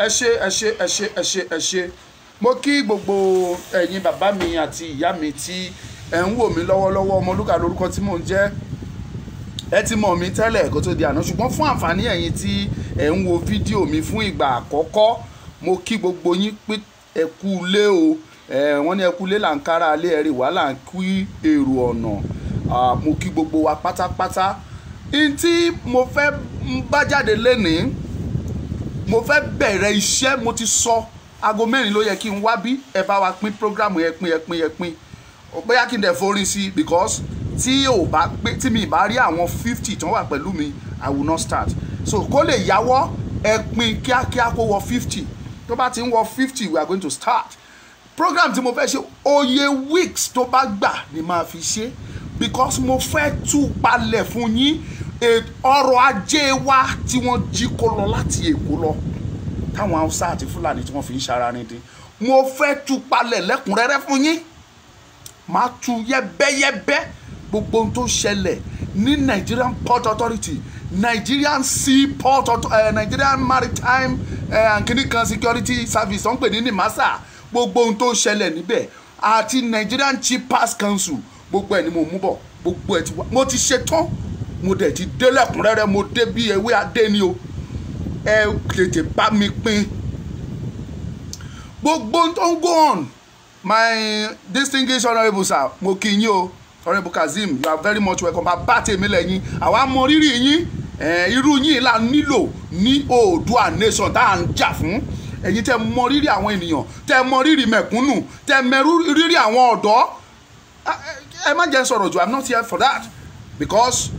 ẹ ṣe ẹ ṣe ẹ ṣe ẹ ṣe ẹ ṣe mo kí gbogbo ẹ̀yin bàbá mi àti ìyá mi tí ẹ̀ ń wò mí lọ́wọ́lọ́wọ́ Ọmọlúkà lórúkọ tí mò ń jẹ́ ẹ ti mọ̀ mí tẹ́lẹ̀ kó tó di àná ṣùgbọ́n fún àǹfààní ẹ̀yin tí ẹ̀ ń wo fídíò mi fún ìgbà àkọ́kọ́ mo kí gbogbo yín pé ẹ kú lé o wọ́n ní ẹ kú lé làǹkárá lé ẹ̀rí wà là ń kí èrò ọ̀nà mo kí gbogbo wa pátápátá n mo fẹ́ bá jáde lénìí mo fẹ́ bẹ̀rẹ̀ iṣẹ́ mo ti sọ aago mẹ́rin ló yẹ kí n wá bí ẹ bá wa pín program yẹn pín yẹn pín yẹn pín bóyá kí n dẹ̀ forin sí because tí ò bá pé tí mi bá rí àwọn fifty tán wà pẹ̀lú mi i will not start so kó lè yáwọ́ ẹ pín kíákíá kó wọ fifty tó bá ti ń wọ fifty we are going to start program tí mo fẹ́ ṣe oye weeks tó bá gbà ni màá fi ṣe because mo fẹ́ tú palẹ̀ fún yín ọrọ̀ ajé wa tí wọ́n jí kó lọ láti èkó lọ táwọn haúsá àti fúlàní tí wọ́n fi ń ṣararin dín mo fẹ́ tú palẹ̀ lẹ́kùnrẹ́rẹ́ fún yín máa tú yẹ́bẹ́yẹ́bẹ́ gbogbo ohun tó ṣẹlẹ̀ ní Nigerian Port Authority Nigerian Sea Port uh, eh, Nigerian Maritime uh, and clinical security service wọ́n pè ní NIMASA gbogbo ohun tó ṣẹlẹ̀ níbẹ̀ àti Nigerian Chief Pass Council gbogbo ẹ̀ ni mo mú bọ̀ gbogbo ẹ̀ ti wá mo ti ṣe mo dẹ̀ ti délẹ̀kúnrẹ́rẹ́ mo dé bí ewé adé ni o ẹ tètè bá mi pín gbogbo tó ń go on my distinguished honourable sir mo kí yín o honourable kazeem you are very much welcome bàbá tèmi lẹ́yìn àwa mọ rírì yín irú yín la nílò ní oòdùà nation tá à ń jà fún ẹ̀yin tẹ́ mọ rírì àwọn ènìyàn tẹ́ mọ rírì mẹ̀kúnnù tẹ́ mẹrú rírì àwọn ọ̀dọ́ ẹ má jẹ́ sọ̀rọ̀ jù i'm not here for that because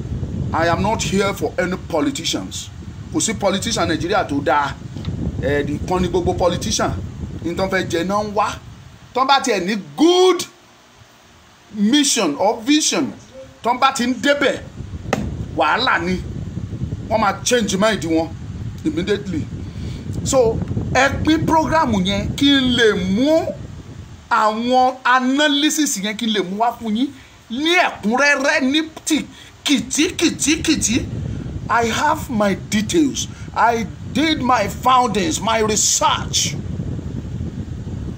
I am not here for any politicians kò sí politician Nàìjíríà tó dáa ẹ̀ẹ́dì kan ní gbogbo politician ní tó ń fẹ́ jẹ náà ń wá tó ń bá tiẹ̀ ní good mission or vision tó ń bá ti ń débẹ̀ wàhálà ni wọ́n máa change mind wọn immediately so ẹ pín program yẹn kí n lè mú àwọn analysis yẹn kí n lè mú wá fún yín ní ẹ̀kúnrẹ́rẹ́ ní tí kìtì kìtì kìtì i have my details i did my foundings my research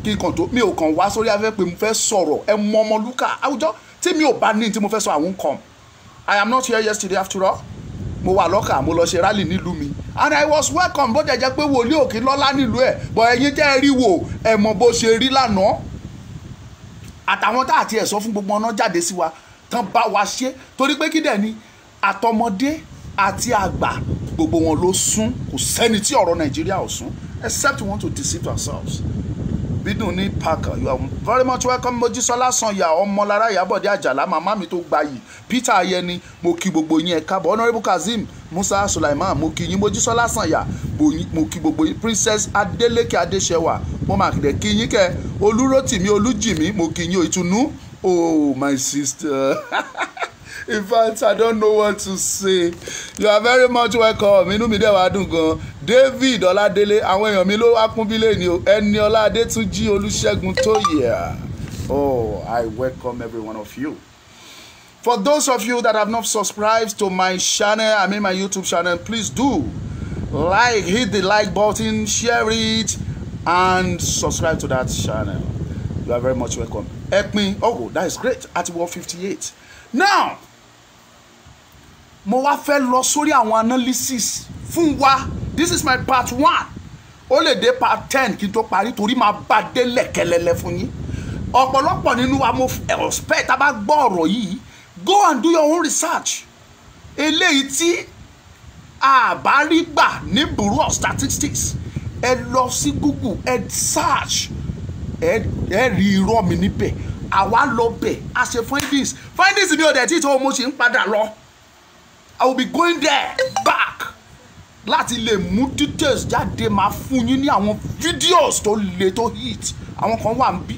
kí n kàn tó mi ò kàn wá sórí afẹ́ pé mo fẹ́ sọ̀rọ̀ ẹ mọ ọmọlúkà àwùjọ tí mi ò bá ní tí mo fẹ́ sọ àwọn kan i am not here yesterday after all mo wà lọ́kà mo lọ ṣe rally nílùú mi and i was welcome bó jẹjẹ pé wòlíì òkè lọ́lá nílùú ẹ̀ bọ̀ ẹ̀yin tẹ́ ẹ rí wò ẹ̀ mọ̀ bó ṣe rí lánàá àtàwọn tá àti ẹ̀ sọ fún gbogbo ọ̀nà jáde sí wa tán bá wa ṣe torí pé kí dẹ̀ ni àtọmọdé àti àgbà gbogbo wọn ló sún kò sẹ́ni tí ọ̀rọ̀ nàìjíríà ò sún except we want to deceive ourselves bídùn ní parker you are very much welcome mojísọ́lá sanya ọmọlára ìyábọ̀dé àjàlá màmá mi tó gbayì peter ayẹni mo kí gbogbo yín ẹ káàbọ̀ honourable kazeem musa sulaiman mo kí yín mojísọ́lá sanya mo kí gbogbo yín princess adeleke adéṣẹwà mo máa kìdẹ̀ kí yín kẹ olúrótìmí olújìmí mo kí yín ìtùnú Oh, my sister. In fact, I don't know what to say. You are very much welcome. Inú mi dẹ̀ wá dùn gan. David Ọládélé, àwọn èèyàn mi ló wá kún bílẹ̀ ni o. Ẹniọlá Adétúnjí Olúṣẹ́gun Tóyè. Oh, I welcome every one of you. For those of you that have not subscribed to my channel, I mean my YouTube channel, please do like, hit the like button, share it, and subscribe to that channel. You are very much welcome ẹ pin oh that is great àti wọ fifty eight now mo wá fẹ́ lọ sórí àwọn analysis fún wa this is my part one ó lè dé part ten kí n tó parí torí máa bá délẹ̀ kẹlẹ́lẹ́ fún yín ọ̀pọ̀lọpọ̀ nínú wa mo expect tá a bá gbọ́ ọ̀rọ̀ yìí go and do your own research eléyìí tí àbá rí gbà ní bureau of statistics ẹ lọ sí google ẹ search ẹ rí irọ́ mi níbẹ̀ àwa lọ bẹ̀ a ṣe findings findings mi ò dẹ̀ tí tó mo ṣì ń padà lọ i will be going there back láti lè mú details jáde máa fún yín ní àwọn videos tó le tó hit àwọn kan wà ń bí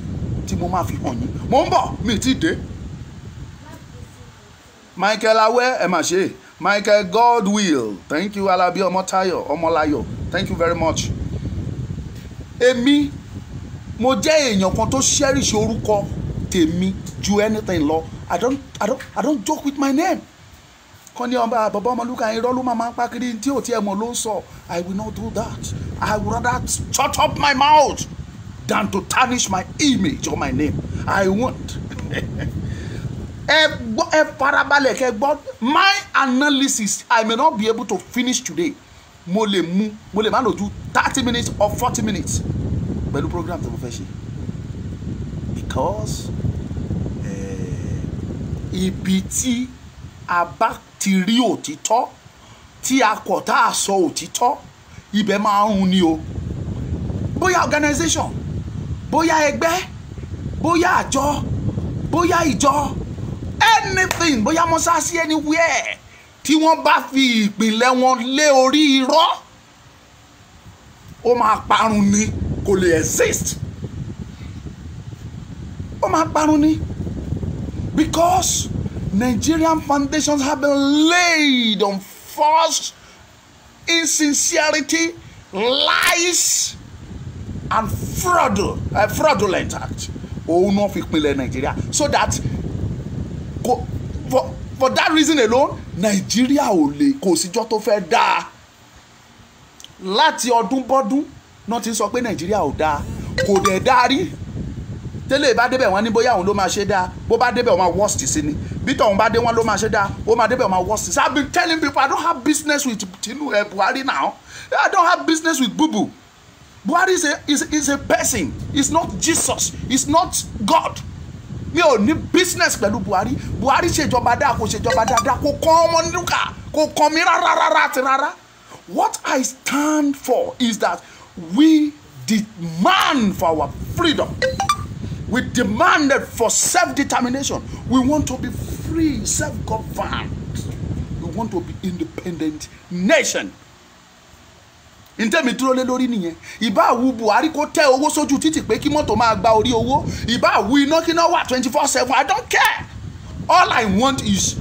tí mo máa fi hàn yín mò ń bọ̀ mi ì dé michael awẹ́ ẹ̀ mà ṣe é michael godwill thank you alabi ọmọtayọ ọmọlayọ thank you very much èmi mo jẹ́ èèyàn kan tó cherish orúkọ tèmi ju anything lọ i don't i don't i don't joke with my name kan ní ọba bàbá ọmọlúkà irọ́ ló máa máa ń tí ò tiẹ̀ mọ̀ ló ń sọ i will not do that i would rather shut up my mouth than to tarnish my image or my name i won't ẹ gbọ́ ẹ farabalẹ̀ kẹ́ gbọ́ my analysis i may not be able to finish today mo lè mú mo lè má lò ju thirty minutes or forty minutes pẹ̀lú program tí mo fẹ́ ṣe because eh, ibi tí a bá ti rí òtítọ́ tí a kọ̀ tá a sọ òtítọ́ ibẹ̀ máa ń ni o bóyá organization bóyá ẹgbẹ́ bóyá àjọ bóyá ìjọ anything bóyá mọ́sáàsì anywhere tí wọ́n bá fi ìpìlẹ̀ wọn lé orí irọ́ ó máa parun ni kò lè exist ó máa parun ni because Nigerian foundations have been laid on false insincerity lies and fraud, uh, fraudulent act òun náà fi pinlẹ̀ Nigeria so that ko, for, for that reason alone Nigeria ò lè kò síjọ́ tó fẹ́ dáa láti ọdún bọ́dún náà ti sọ pé nàìjíríà ò dáa kò dẹ̀ dáa rí tẹ́lẹ̀ bá débẹ̀ wọ́n ní bóyá òun ló máa ṣe dáa bó bá débẹ̀ wọ́n máa worst sí ni bí tọ̀hún bá dé wọ́n ló máa ṣe dáa ó máa débẹ̀ wọ́n máa worst sí. I been telling people I don't have business with Tinu uh, eh, Buhari now I don't have business with Bubu Buhari is a is, is a person he's not Jesus he's not God mi ò ní business pẹ̀lú Buhari Buhari ṣèjọba dáa kò ṣèjọba dáadáa kò kàn ọmọ nínú kà kò kàn mí rárá rárá àti rárá what I stand for is that we demand for our freedom. We demanded for self-determination. We want to be free, self-governed. We want to be independent nation. ntẹ́mi dúró lé lórí nìyẹn ìbá àwù Buhari kó tẹ owó sójú títì pé kí mọ́tò máa gba orí owó ìbá àwù iná kí iná wà twenty four seven I don't care all I want is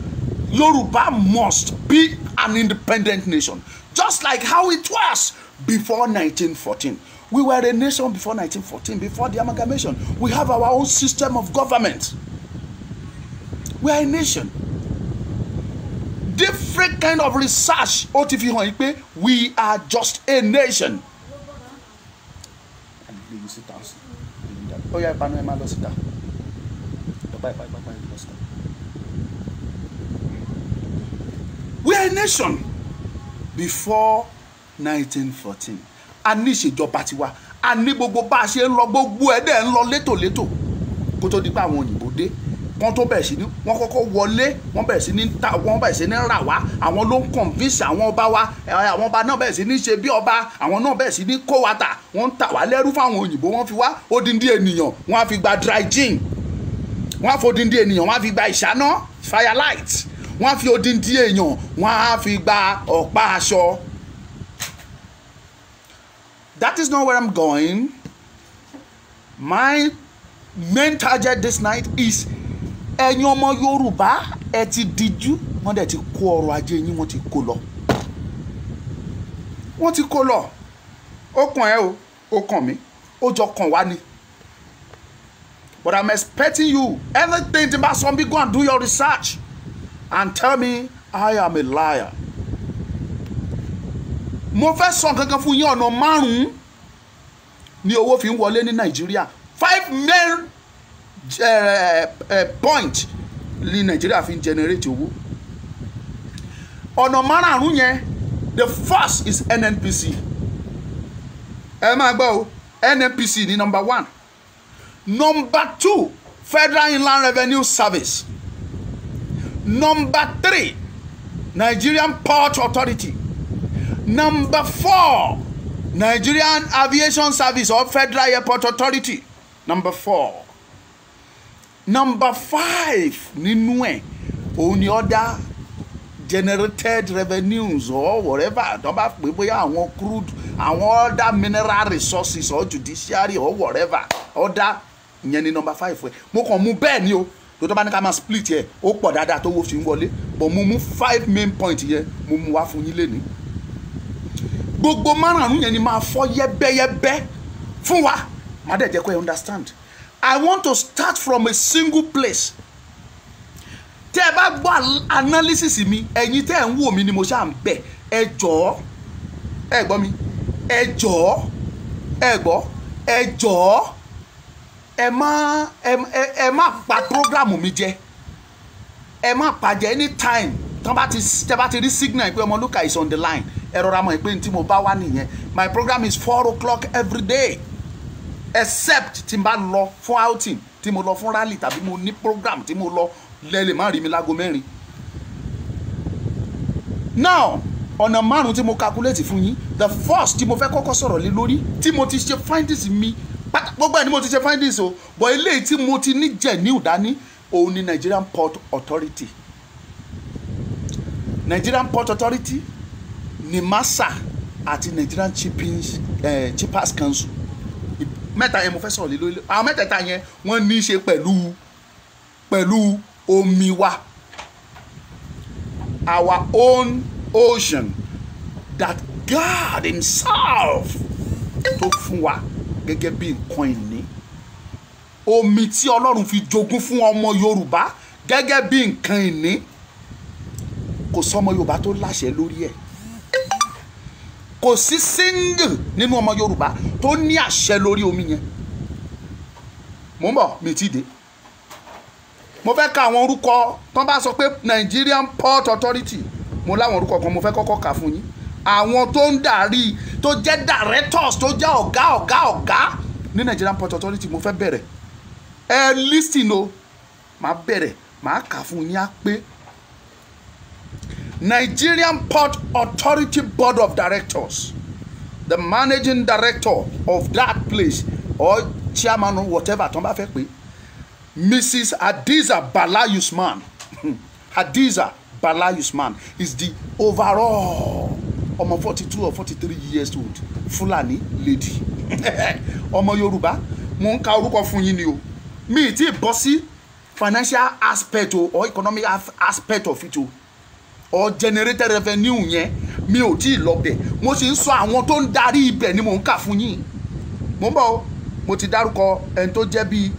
Yoruba must be an independent nation just like how it was before 1914. We were a nation before 1914, before the amalgamation. We have our own system of government. We are a nation. Different kind of research ó ti we are just a nation. We are a nation before 1914 a ní ìṣèjọba tiwa a ní gbogbo bá a ṣe ń lọ gbogbo ẹ̀ dẹ̀ ń lọ létòlétò kó tó di pé àwọn òyìnbó dé wọ́n tó bẹ̀rẹ̀ sí ní wọ́n kọ́kọ́ wọlé wọ́n bẹ̀rẹ̀ sí ní ta wọ́n bẹ̀rẹ̀ sí ní rà wá àwọn ló ń convince àwọn ọba wa àwọn ọba náà bẹ̀rẹ̀ sí ní ṣe bí ọba àwọn náà bẹ̀rẹ̀ sí ní kó wa tà wọ́n ń tà wá lẹ́rú fáwọn òyìnbó wọ́n fi wá odindi ènìyàn wọ́n á fi gba dry gin wọ́n á fi odindi ènìyàn wọ́n á fi gba ìṣáná firelight wọ́n á fi odindi èèyàn wọ́n á fi gba ọ̀pá aṣọ that is not where I'm going. My main target this night is ẹ̀yin ọmọ Yorùbá ẹ ti díjú wọ́n dẹ̀ ti kó ọrọ̀ ajé yín wọ́n ti kó lọ. wọ́n ti kó lọ ó kàn ẹ́ o ó kàn mí ó jọ kàn wá ni. But I'm expecting you anything tí bá sọ bí go and do your research and tell me I am a liar mo fẹ́ sọ kankan fún yín ọ̀nà márùn-ún ni owó fi ń wọlé ní nàìjíríà five main eh, eh, point ni nàìjíríà fi ń generate owó ọ̀nà márùn-ún yẹn the first is nnpc ẹ máa gbọ́ o nnpc ni number one number two federal inland revenue service number three nigerian port authority Number four, Nigerian Aviation Service or Federal Airport Authority. Number four. Number five nínú ẹ̀ òun ni other generated revenues or whatever tó bá pè bóyá àwọn crude àwọn other mineral resources or judiciary or whatever other ìyẹn ni number five ẹ̀ mo kàn mú bẹ́ẹ̀ ni o tó tó bá ní ká máa split yẹ ó pọ̀ dáadáa tó wo fi ń wọlé but mo mú five main point yẹn mo mú wá fún yín lénìí gbogbo márùn-ún yẹn ni máa fọ́ yẹ́bẹ́yẹ́bẹ́ fún wa má dẹ̀ jẹ́ kó ẹ understand I want to start from a single place tẹ́ ẹ bá gbọ́ analysis mi ẹ̀yin tẹ́ ẹ̀ ń wò mí ni mo ṣáà ń bẹ̀ ẹ jọ̀ọ́ ẹ gbọ́ mi ẹ jọ̀ọ́ ẹ gbọ́ ẹ jọ̀ọ́ ẹ má ẹ má pa programu mi jẹ ẹ má pa jẹ anytime tán bá ti rí signal pé Ọmọlúkà is on the line ẹ rọra pé tí mo bá wá nìyẹn my program is four o'clock every day except tí n bá lọ fún outing tí mo lọ fún rally tàbí mo ní program tí mo lọ lẹ́lẹ̀ má rí mi lágo mẹ́rin now ọ̀nà márùn-ún tí mo calculate fún yín the first tí mo fẹ́ kọ́kọ́ sọ̀rọ̀ lé lórí tí mo ti ṣe findings mi pátá gbogbo ẹ̀ ni mo ti ṣe findings o but eléyìí tí mo ti ní jẹ̀ ní ìdání òun ni Nigerian Port Authority Nigerian Port Authority nimasa àti nigerian chippings eh, chippers council mẹ́ta yẹn mo fẹ́ sọ̀rọ̀ lé lórí àwọn mẹ́tẹ̀ẹ̀ta yẹn wọ́n ní í ṣe pẹ̀lú pẹ̀lú omi wa our own ocean that God himself tó fún wa gẹ́gẹ́ bí nǹkan ìní omi tí Ọlọ́run fi jogún fún ọmọ Yorùbá gẹ́gẹ́ bí nǹkan ìní kò sọ́mọ Yorùbá tó láṣẹ lórí ẹ̀ kò sí single nínú ọmọ Yorùbá tó ní àṣẹ lórí omi yẹn mò ń bọ̀ mi ti dé mo fẹ́ ka àwọn orúkọ tó bá sọ pé Nigerian Port Authority mo láwọn orúkọ kan mo fẹ́ kọ́kọ́ kà fún yín àwọn tó ń darí tó jẹ́ directors tó jẹ́ ọ̀gá ọ̀gá ọ̀gá ní Nigerian Port Authority mo fẹ́ bẹ̀rẹ̀ ẹ lísìn o màá bẹ̀rẹ̀ màá kà fún yín á pé Nigerian Port Authority Board of Directors, the managing director of that place or chairman or whatever tó ń Mrs. Hadiza Bala Usman Hadiza Bala Usman is the overall I'm 42 or 43 years old Fulani lady ọmọ Yorùbá mo ń ka orúkọ fún yín ni o mi ì bọ́ sí financial aspect o or economic aspect of it o or generated revenue yẹn mi ò tí ì lọ bẹ̀ mo sì ń sọ àwọn tó ń darí ibẹ̀ ni mò ń kà fún yín mo ń bọ̀ mo ti dárúkọ ẹni tó jẹ́ bíi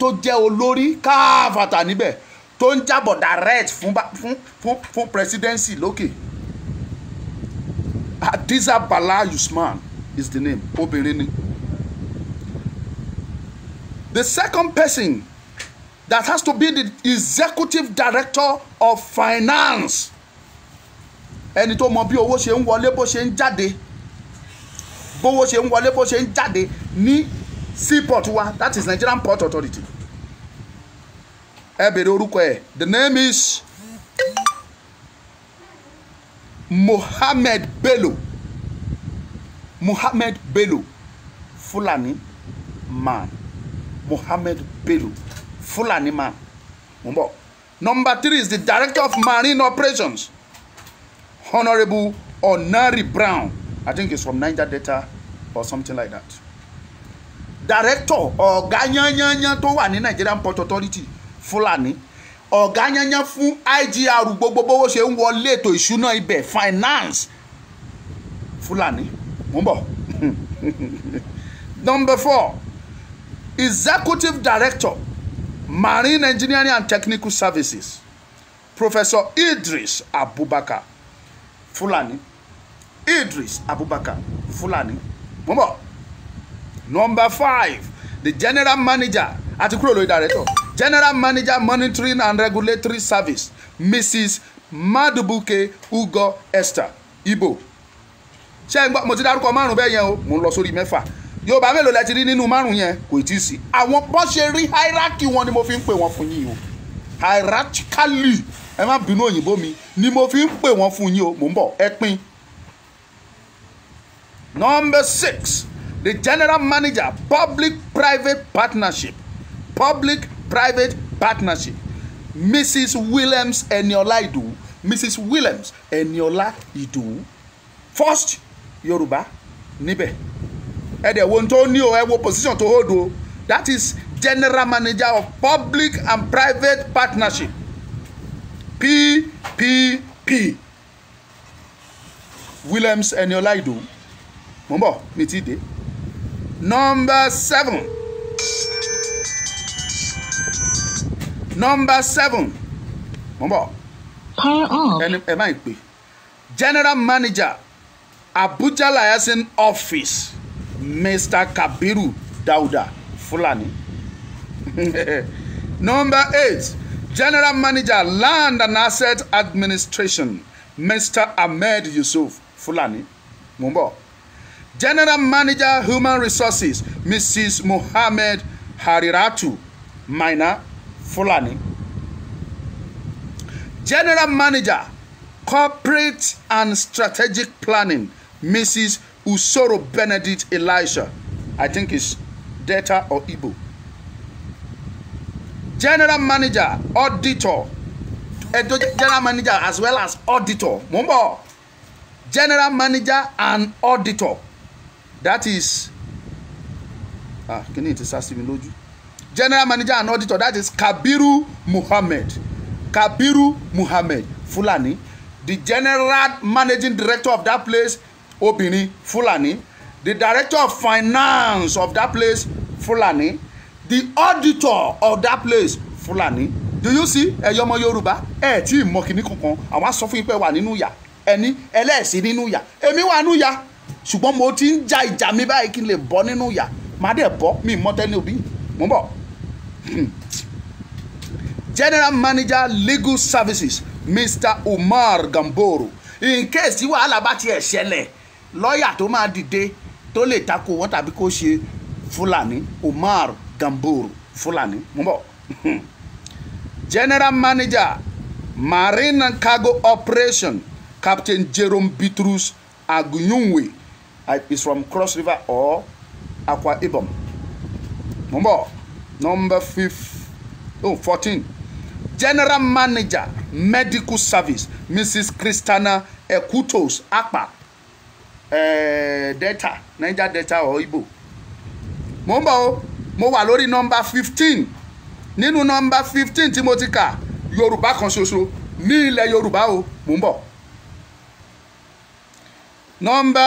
tó jẹ́ olórí káfàtà níbẹ̀ tó ń jábọ̀ direct fún fún fún fún presidency lókè Hadiza Bala Usman is the name obìnrin ni the second person that has to be the executive director of finance ẹni tó mọ bí owó ṣe ń wọlé bó ṣe ń jáde bówó ṣe ń wọlé bó ṣe ń jáde ní seaport wa that is Nigerian Port Authority ẹ bèrè orúkọ ẹ the name is Mohammed Bello Mohammed Bello Fulani man Mohammed Bello Fulani man. Mo ń Number three is the director of marine operations, Honourable Onari Brown. I think he's from Niger Delta or something like that. Director ọ̀gá yanyanyan tó wà ní Nigerian Port Authority Fulani ọ̀gá yanyan fún IGR gbogbo bówó ṣe ń wọlé ètò ìṣúná ibẹ̀ finance Fulani mo ń Number four, executive director marine engineering and technical services professor idris abubakar fulani idris abubakar fulani mo number five the general manager àti kúrò lórí director general manager monitoring and regulatory service mrs madubuke ugo esther ibo ṣé mo ti dárúkọ márùn bẹ́ẹ̀ yẹn o mo ń lọ sórí mẹ́fà yorùbá mélòó lẹ ti rí nínú márùn yẹn kò tí ì sí àwọn bọ́n ṣe rí hierarchy wọn ni mo fi ń pè wọ́n fún yín o hierarchically ẹ má bínú òyìnbó mi ni mo fi ń pè wọ́n fún yín o mò ń bọ̀ ẹ pín. number six the general manager public private partnership public private partnership mrs williams eniola idowu mrs williams eniola idowu first yorùbá níbẹ̀ ẹ dẹ̀ wo ní tó ní o ẹ wo position tó hold o that is general manager of public and private partnership PPP Williams Eniola Ido mo ń bọ̀ mi ti dé number seven number seven mo ń bọ̀ mm-hmm. ẹni ẹ má ì pè general manager Abuja liaison office mr kabiru dauda fulani number eight general manager land and asset administration mr ahmed yusuf fulani mo general manager human resources mrs mohammed hariratu minor fulani general manager corporate and strategic planning mrs Usoro Benedict Elisha, I think is Delta or Igbo. General Manager, Auditor, General Manager as well as Auditor. Mumbo, General Manager and Auditor. That is, ah, can you interest me, General Manager and Auditor, that is Kabiru Muhammad. Kabiru Muhammad, Fulani. The General Managing Director of that place obìnrin Fulani the director of finance of that place Fulani the auditor of that place Fulani do you see ẹ̀yọ́ ọmọ Yorùbá ẹ̀ tí ì mọ kìíní kankan àwọn sọ fún yín pé wà nínú ìyà ẹni ẹlẹ́ẹ̀sìn nínú ìyà èmi wà nínú ìyà ṣùgbọ́n mo ti ń ja ìjà mi báyìí kí n lè bọ́ nínú ìyà màá dẹ̀ bọ́ mi mọ́ tẹ́ni òbí mo ń bọ̀. Hmm. general manager legal services mr umar gamboro in case tí wàhálà bá tiẹ̀ ṣẹlẹ̀ lọ́ọ̀yà tó máa dìde tó lè tako wọn tàbí kó ṣe fúlàní Umar Gamburo fúlàní mú bọ̀ general manager marine and cargo operation captain jerome bitrus agunyunwe is from cross river or akwa ibom mú bọ̀ number fifteen oh, fourteen general manager medical service mrs christiana ekutos apa Eh, delta niger delta or igbo mo ń bọ̀ o mo wà lórí nọ́mbà fifteen nínú number fifteen tí mo ti kà yorùbá kan ṣoṣo ní ilẹ̀ yorùbá o mo ń bọ̀ nọ́mbà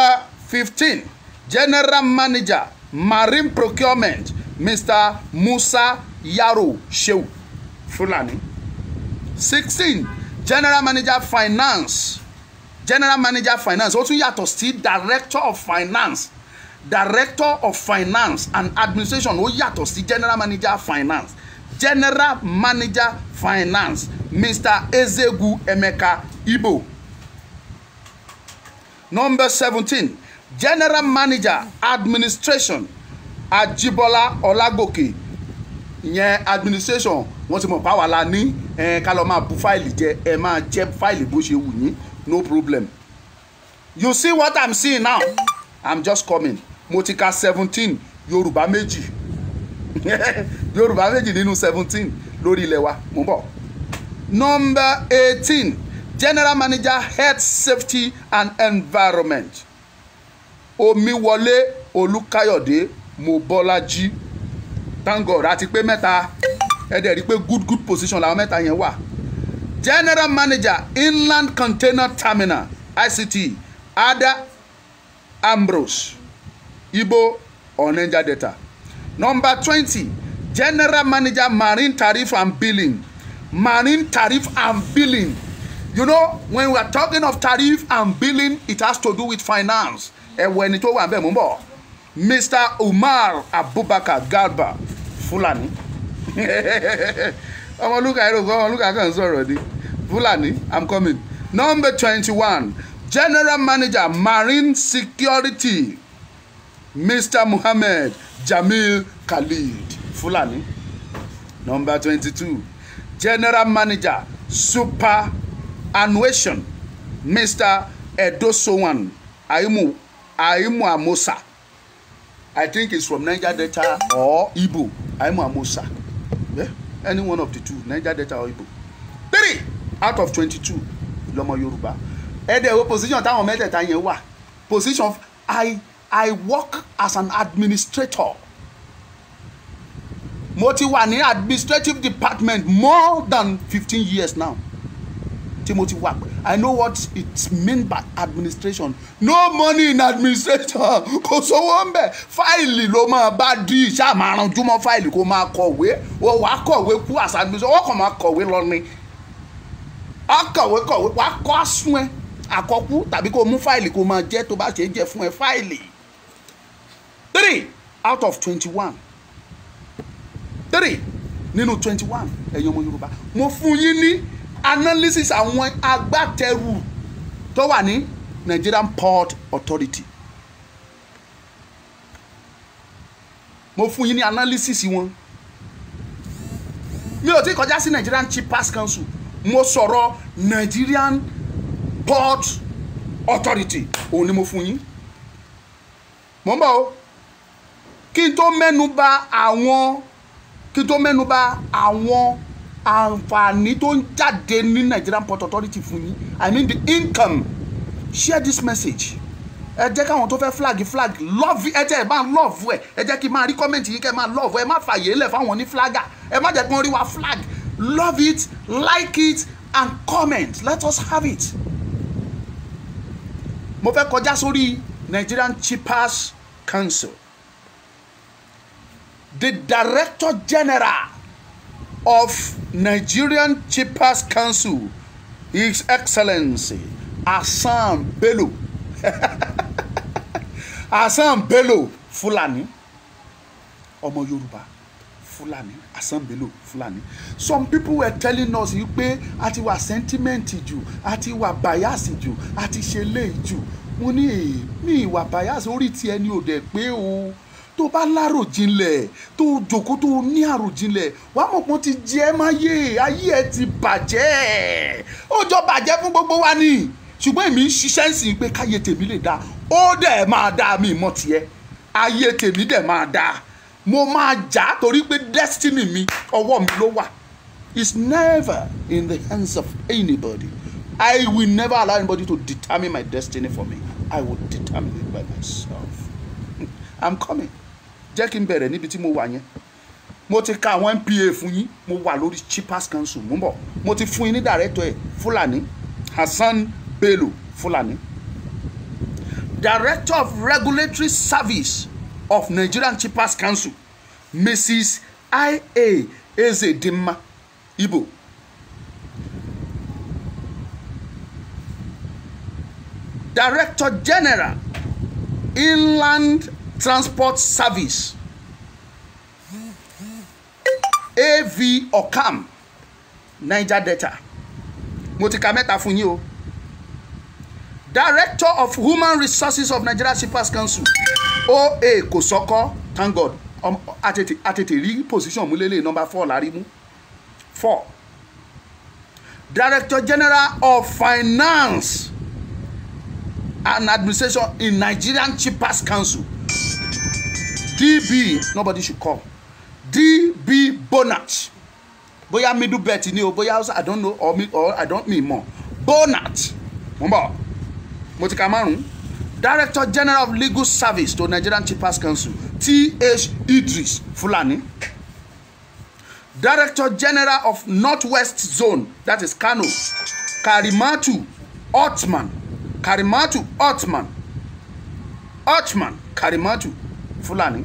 fifteen general manager marine procurement mr musa yaro shehu fulani sixteen general manager finance general manager finance ó tún yàtọ̀ sí director of finance director of finance and administration ó yàtọ̀ sí general manager finance general manager finance mr ezegu emeka ibo number seventeen general manager administration ajibola Olagoke. ìyẹn administration wọ́n ti mọ̀ báwa la ní ẹ ká lọ máa bu fáìlì jẹ ẹ máa jẹ fáìlì bó ṣe wù yín no problem you see what i'm seeing now i'm just coming Motika seventeen Yoruba meji. Yoruba meji. Ninu seventeen lórí ilẹ̀ wa mo ń number eighteen general manager health safety and environment omiwọlé olùkàyọ̀dé mobọ́lájí thank god àti pé mẹ́ta ẹ̀ dẹ̀ rí i pé good good position làwọn mẹ́ta yẹn wà general manager inland container terminal ict ada ambrose ibo onija delta number twenty general manager marine tariff and billing marine tariff and billing you know when we are talking of tariff and billing it has to do with finance ẹ̀wọ̀ ẹni tó wà bẹ́ẹ̀ mú bọ̀ mr umar abubakar garba fulani ọmọlúkà ẹ̀rọ fún ọmọlúkà kan sọ̀rọ̀ ni fúlàní i'm coming number twenty one general manager marine security mr muhammed jamil khalid fúlàní number twenty two general manager super annuation mr edosowan aimu aimu amosa i think he's from niger delta or igbo aimu amosa any one of the two Niger Delta or Ibo. three out of twenty-two lọmọ Yorùbá ẹ̀dẹ̀ wo position táwọn mẹ́tẹ̀ẹ̀ta yẹn wà position I I work as an administrator mo ti wà ní administrative department more than fifteen years now Timothy Wap. I know what it means by administration. No money in administration. Kò sówó ń bẹ̀. Fáìlì ló máa bá dí ìṣá máa ranjú mọ́ fáìlì kó máa kọ̀wé. Wọ́n wàá kọ̀wé kú as administration. Wọ́n kàn máa kọ̀wé lọ ni. Á kọ̀wé kọ̀wé wàá kọ́ àsún ẹ àkọ́kú tàbí kó mú fáìlì kó máa jẹ́ tó bá ṣe jẹ fún ẹ fáìlì. Three out of twenty-one. Three nínú twenty-one ẹ̀yin ọmọ Yorùbá. Mo fún yín ní analysis àwọn agbátẹrù tó wà ní Nigerian Port Authority mo fún yín ní analysis wọn mi ò tí kọjá sí Nigerian Shippers Council mo sọ̀rọ̀ Nigerian Port Authority òun ni mo fún yín mo ń bọ̀ o kí n tó mẹ́nu bà àwọn kí n tó mẹ́nu bà àwọn àǹfààní tó ń jáde ní Nigerian Port Authority fún yín I mean the income share this message ẹ jẹ́ káwọn tó fẹ́ flag flag love ẹ jẹ́ ẹ máa love ẹ ẹ jẹ́ kí n máa rí comment yín kẹ́ ẹ máa love ẹ má fàyè lẹ̀ fáwọn ní flagger ẹ má jẹ́ kí wọ́n rí wa flag love it like it and comment let us have it. mo fẹ́ kọjá sórí Nigerian Chippers Council the Director General of Nigerian Shippers Council, His Excellency Hassan Bello Hassan Bello Fulani ọmọ Yorùbá Fulani Hassan Bello Fulani some people were telling us yìí pé a ti wà sentiment jù a ti wà bias jù a ti ṣe léyìí jù mo ní èèmí ìwà bias orí ti ẹni ò dẹ̀ pé o tó bá láròjinlẹ̀ tó jòkó tó ní àròjinlẹ̀ wàá mọ̀ pọ́n ti jẹ́ máyé ayé ẹ ti bàjẹ́ ó jọ bàjẹ́ fún gbogbo wa ni ṣùgbọ́n èmi ń ṣiṣẹ́ ń sìn pé káyé tèmi lè dáa ó dẹ̀ máa dáa mi mọ̀ tiẹ̀ ayé tèmi dẹ̀ máa dáa mo máa jà á torí pé destiny mi ọwọ́ mi ló wà it's never in the hands of anybody I will never allow anybody to determine my destiny for me I will determine it by myself hmm, I'm coming jẹ́ kí n bẹ̀rẹ̀ níbi tí mo wà yẹn mo ti ka àwọn NPA fún yín mo wà lórí cheapest council mú bọ̀ mo ti fún yín ní dàrẹ́tọ̀ ẹ̀ Fúlàní Hassan Bello Fúlàní Director of Regulatory Service of Nigerian Chipas council Mrs. I.A. Ezedima Igbo Director General Inland transport service av okam niger delta mo ti ka mẹ́ta fún yín o director of human resources of nigeria shippers council oa kòsọ́kọ́ thank god àtètè rí position mú lélẹ̀ number four lárí mú four director general of finance and administration in nigerian shippers council db nobody should call db bonat bóyá middle bet ni o bóyá i don't know or, me or i don't mean more bonat mo ń bọ̀ mo ti ka márùn director general of legal service to nigerian shippers council th idris fulani director general of northwest zone that is kano karimatu otman karimatu otman otman karimatu Fulani.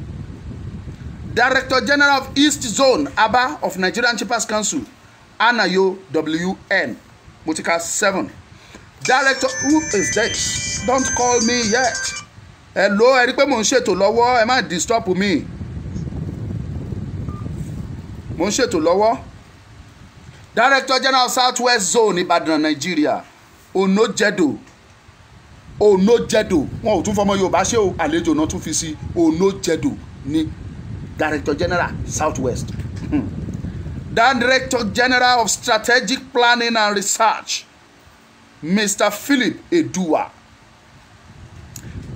Director General of East Zone Aba of Nigerian Shippers Council Anayo WN Motika 7. Director who is this? Don't call me yet. Hello, ẹ rí pé mò ń ṣètò lọ́wọ́ ẹ má disturb me. Mò ń ṣètò lọ́wọ́. Director General Southwest Zone Ìbàdàn Nàìjíríà Onojedo onojẹdo wọn ò tún fọmọ yorùbá ṣé o àlejò náà tún fi sí onojẹdo ní director general south west hmm. director general of strategic planning and research mr philip eduwa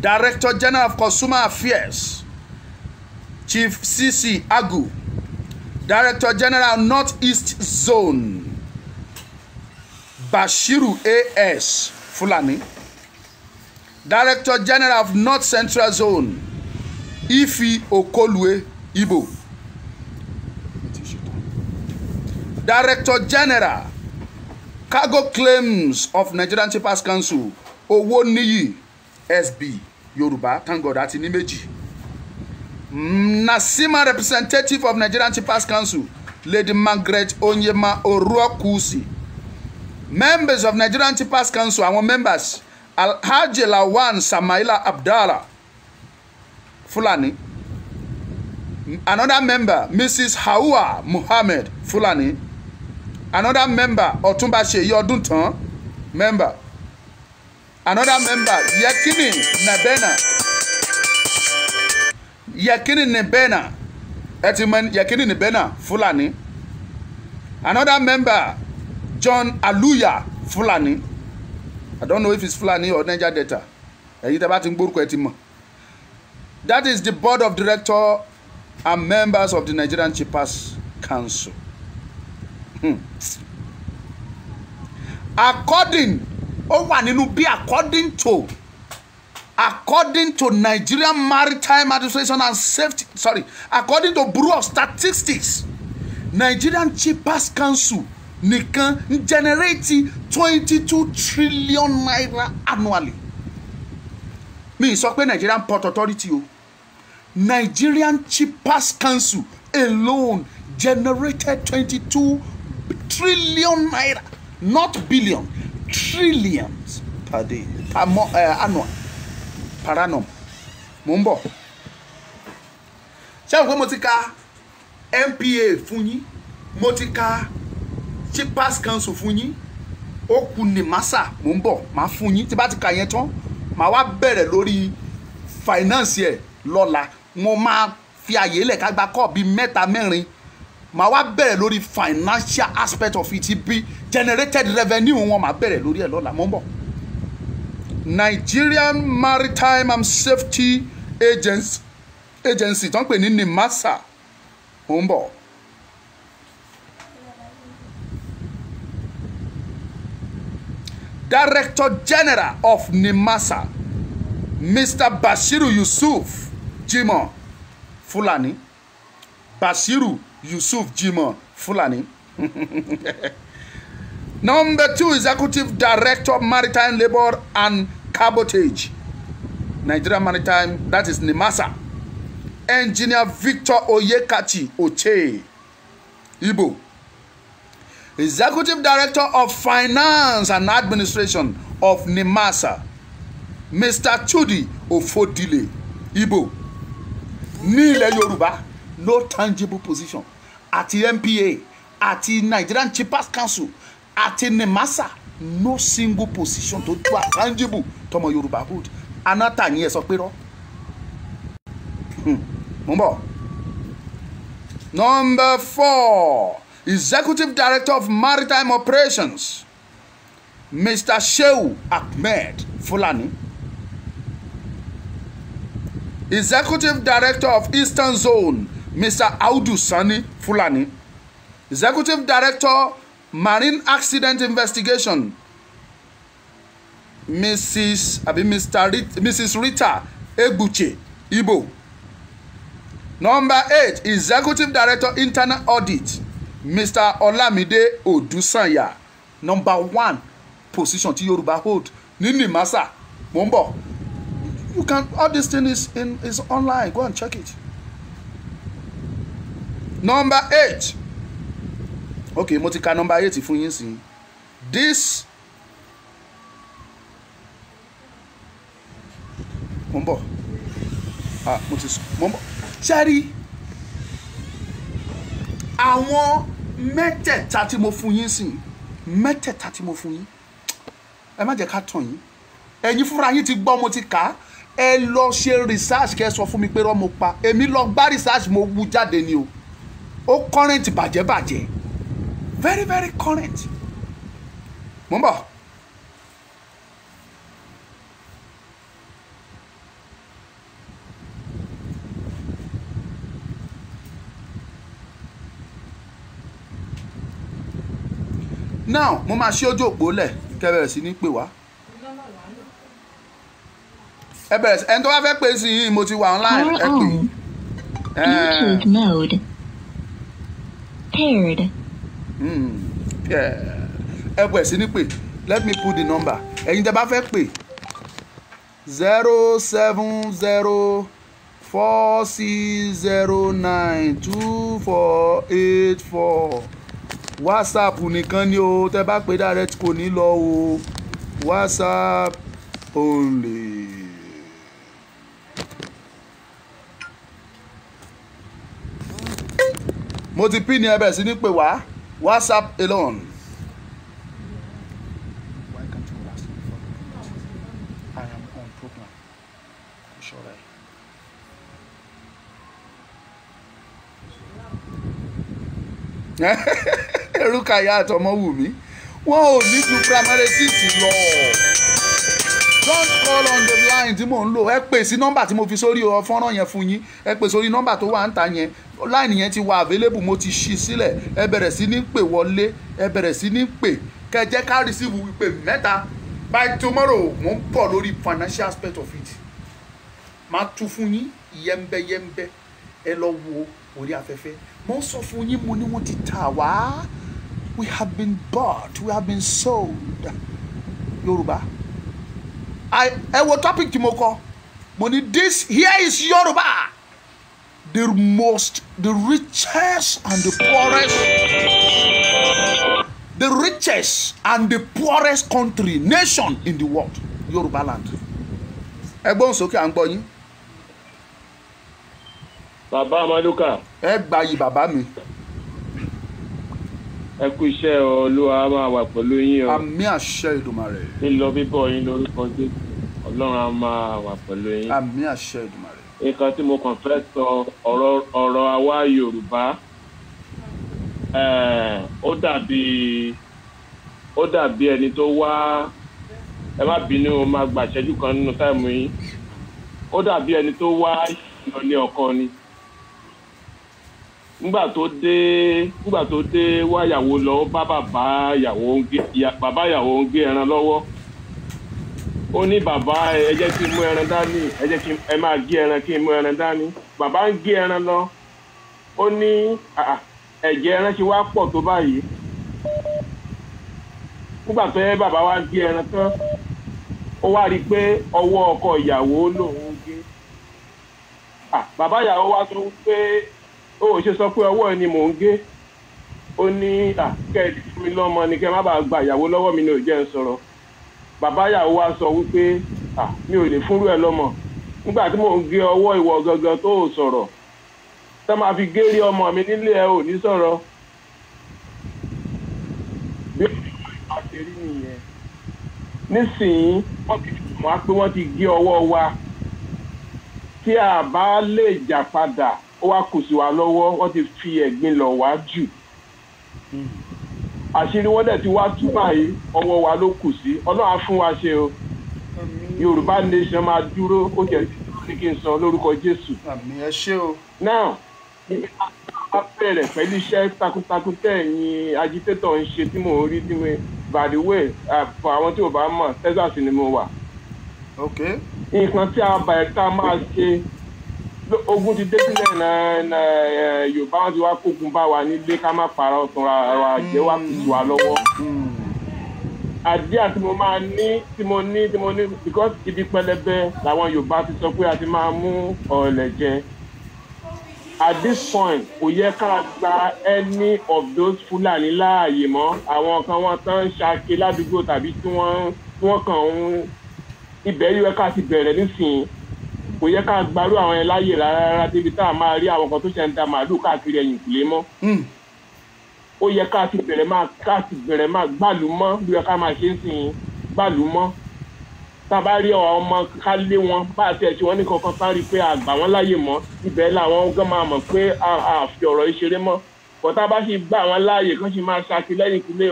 director general of consumer affairs chief cc agu director general north east zone bashiru as fulani Director General of North Central Zone Ifi Okolue Ibo. Director General Cargo Claims of Nigerian Shippers Council Owoniyi SB Yoruba thank God àti ní méjì Nasima representative of Nigerian Shippers Council Lady Margaret Onyema Oruokusi members of Nigerian Shippers Council àwọn members alhaji lawan samaila abdallah fulani another member mrs hawa muhammed fulani another member ọ̀túnba ṣèyí member another member yekini nebena yekini nebena ẹ ti yekini nebena fulani another member john aluya fulani. I don't know if it's Fulani or Niger Delta ẹ̀yin tẹ́ bá ti ń gbórúkọ ẹ ti mọ̀ that is the board of director and members of the Nigerian Chippers Council hmm. according ó wà nínú bí according to according to Nigerian Maritime Administration and Safety sorry according to Bureau of Statistics Nigerian Chippers Council nìkan ń jẹnẹrétì twenty two trillion naira annually mi sọ pé Nigerian Port Authority o Nigerian Shippers Council alone generated twenty two trillion naira not billion trillions per day per month, eh, uh, annual per annum mo ń bọ̀ ṣé àwọn pé mo ti ka MPA fún yín mo ti ka cheapest council fún yín ó kù ní massa mò ń bọ̀ máa fún yín tí bá ti kà yẹn tán màá wá bẹ̀rẹ̀ lórí finance ẹ̀ lọ́la mo máa fi àyè lẹ̀ ká gba kọ́ bíi mẹ́ta mẹ́rin màá wá bẹ̀rẹ̀ lórí financial aspect of it bí generated revenue wọn màá bẹ̀rẹ̀ lórí ẹ̀ lọ́la mò ń bọ̀. Nigerian Maritime and Safety Agency, agency tó ń pè ní NIMASA mò ń bọ̀. Director General of NIMASA, Mr. Bashiru Yusuf Jimoh Fulani. Bashiru Yusuf Jimoh Fulani. Number two, Executive Director, Maritime Labor and Cabotage, Nigeria Maritime, that is NIMASA. Engineer Victor Oyekachi Oche, Igbo. Executive Director of Finance and Administration of NIMASA, Mr. Chudi Ofodile Igbo ní ilẹ̀ Yorùbá no tangible position àti NPA àti Nigerian Shippers Council àti NIMASA no single position tó tó tangible tọmọ Yorùbá hold anata yẹn sọ pé rọ hmm, mo ń bọ̀ number four. Executive Director of Maritime Operations, Mr. Sheu Ahmed Fulani, Executive Director of Eastern Zone, Mr. Audu Sani Fulani, Executive Director, Marine Accident Investigation, Mrs. Abi Mr. Rit, Mrs. Rita Egbuche Ibo. Number eight, Executive Director, Internal Audit mr olamide odusanya number one position tí yorùbá hold ní nimasa mo ń bọ̀ you can all this thing is in is online go and check it number eight okay mo ti ka number eight fún yín sí this mo ń bọ̀ ah mo ti mo ń bọ̀ ṣe rí àwọn mẹ́tẹ̀ẹ̀ta tí mo fún yín sìn mẹ́tẹ̀ẹ̀ta tí mo fún yín ẹ má jẹ́ ká tàn yín ẹ̀yin fúnra yín ti gbọ́ mo ti kà á ẹ lọ ṣe research kẹ́ sọ fún mi pé rọ́ pa èmi lọ gbá research mo wú jáde ni o ó current bàjẹ́ bàjẹ́ very very current mo ń bọ̀. now mo máa ṣí ojú òpó lẹ̀ kẹ́ bẹ̀rẹ̀ sí ní pè wá ẹ bẹ̀rẹ̀ sí ẹni tó bá fẹ́ pè sí yìí mo ti wà online ẹ pè. Bluetooth mode paired. Hmm, ẹ bẹ̀rẹ̀ sí ní pè let me put the number ẹ̀yin tẹ́ bá fẹ́ pè zero seven zero four six zero nine two four eight four whatsapp nìkan ni o tẹ́ bá pè direct kò ní lọ o whatsapp only. mo ti pín ní ẹbẹ̀ sí ní pè wá whatsapp alone. Yeah. rúkàyà àtọmọwùmí wọn ò ní ju primary lọ don't call on the line tí mò ń lò ẹ pè sí nọ́mbà tí mo fi sórí ọ fọ́nrán yẹn fún yín ẹ pè sórí nọ́mbà tó wà ń ta yẹn line yẹn ti wà available mo ti ṣí sílẹ̀ ẹ bẹ̀rẹ̀ sí ní pè wọlé ẹ bẹ̀rẹ̀ sí ní pè kẹjẹ ká receive ìpè mẹ́ta by tomorrow mo ń bọ̀ lórí financial aspect of it máa tú fún yín yẹ́nbẹ́yẹ́nbẹ́ ẹ lọ wo orí afẹ́fẹ́ mo sọ fún yín mo ní wọ́n ti tà wá we have been bought we have been sold Yoruba. I. ẹ wo topic tí mo kọ mo ní this here is Yoruba, the most the richest and the poorest the richest and the poorest country nation in the world Yoruba land ẹ gbóhùn sókè à ń gbọ́ yín. bàbá amaduka. ẹ gbayì bàbá mi ẹ kú iṣẹ́ olúwa á máa wà pẹ̀lú yín o. àmì àṣẹ Èdùmàrè. lílọ bíbọ̀ yín lórúkọ Jésù ọlọ́run á máa wà pẹ̀lú yín. àmì àṣẹ Èdùmàrè. nǹkan tí mo kàn fẹ́ sọ ọ̀rọ̀ àwa Yorùbá ó dàbí ó dàbí ẹni tó wá ẹ má bínú o máa gbàṣẹ́jú kan nínú táìmù yín ó dàbí ẹni tó wá ìlọlé ọkọ ni ngbà tó dé ngbà tó dé wáyàwó lọ ó bá bàbá yàwó ń gé bàbá yàwó ń gé ẹran lọ́wọ́ ó ní bàbá ẹ jẹ́ kí n mú ẹran dání ẹ jẹ́ kí ẹ máa gé ẹran kí n mú ẹran dání bàbá ń gé ẹran lọ ó ní ẹ̀jẹ̀ ẹran ṣe wá pọ̀ tó báyìí nígbà tó yẹ bàbá wa gé ẹran tán ó wá rí i pé ọwọ́ ọkọ ìyàwó lòun gé bàbá ìyàwó wa tó ń pé ó ò ṣe sọ pé ọwọ́ ẹ ni mò ń gé ó ní àkẹ́ẹ̀dì fún mi lọ́mọ ni kẹ́ má bàa gba ìyàwó lọ́wọ́ mi ní òjẹ́ ń sọ̀rọ̀ bàbá ìyàwó wa sọ wípé mi ò lè fúnrú ẹ lọ́mọ nígbà tí mò ń gé ọwọ́ ìwọ gangan tó ò sọ̀rọ̀ tá máa fi gé rí ọmọ mi nílé ẹ ò ní sọ̀rọ̀ bí ó ti rí nìyẹn nísìnyí wọ́n ti mọ̀ pé wọ́n ti gé ọwọ́ wa tí a bá lè jà padà ó wá kù sí wa lọ́wọ́ wọ́n ti fi ẹ̀gbin lọ̀ wá jù àṣírí wọn dẹ̀ ti wá tú báyìí ọwọ́ wa ló kù sí ọlọ́run á fún wa ṣe o yorùbá nation máa dúró ó jẹ́ ní kí n sọ lórúkọ jésù. àmín ẹ ṣé o. now ibi a bẹ̀rẹ̀ pẹ̀lú iṣẹ́ takuntakun tẹ̀yìn agitator ń ṣe tí mò ń rí tí mo by the way for àwọn tí ò bá mọ̀ Texas ni mo wà. ok. nǹkan tí a bàyẹ̀ tá a máa ṣe ogun ti dé sílẹ̀ náà yorùbá wọn ti wá kógun bá wa nílé ká má para ọ̀tún ra wa jẹ́ wá kùtù wa lọ́wọ́. àdíà tí mo máa ní tí mo ní tí mo ní because ibi pẹlẹbẹ làwọn yorùbá ti sọ pé a ti máa mú ọ̀lẹ̀ jẹ. at this point kò yẹ ká gba any of those Fulani láàyè mọ́ àwọn kan wọn tán ń ṣake ládùúgbò tàbí tí wọ́n kàn ń ibẹ̀ yóò ká ti bẹ̀rẹ̀ nísìnyí kò yẹ ká gbarú àwọn yẹn láàyè rárá débi tá a máa rí àwọn kan tó ṣe ń da màálù káàkiri ẹ̀yìn kùlé mọ́ hmm. ó yẹ ká ti bẹ̀rẹ̀ máa ká ti bẹ̀rẹ̀ máa gbàlú mọ́ bí wọ́n ká máa ṣe ń sìn gbàlú mọ́ tá a bá rí àwọn ọmọ ká lé wọn bá a tiẹ̀ ṣe wọ́n ní kankan tá a pé a gbà wọ́n láàyè mọ́ ibẹ̀ làwọn gan máa mọ̀ pé a fi ọ̀rọ̀ ìṣeré mọ́ kọ́tà bá ṣe gbà wọ́n láàyè kán ṣe máa ṣàtìlẹ́yìn kúlé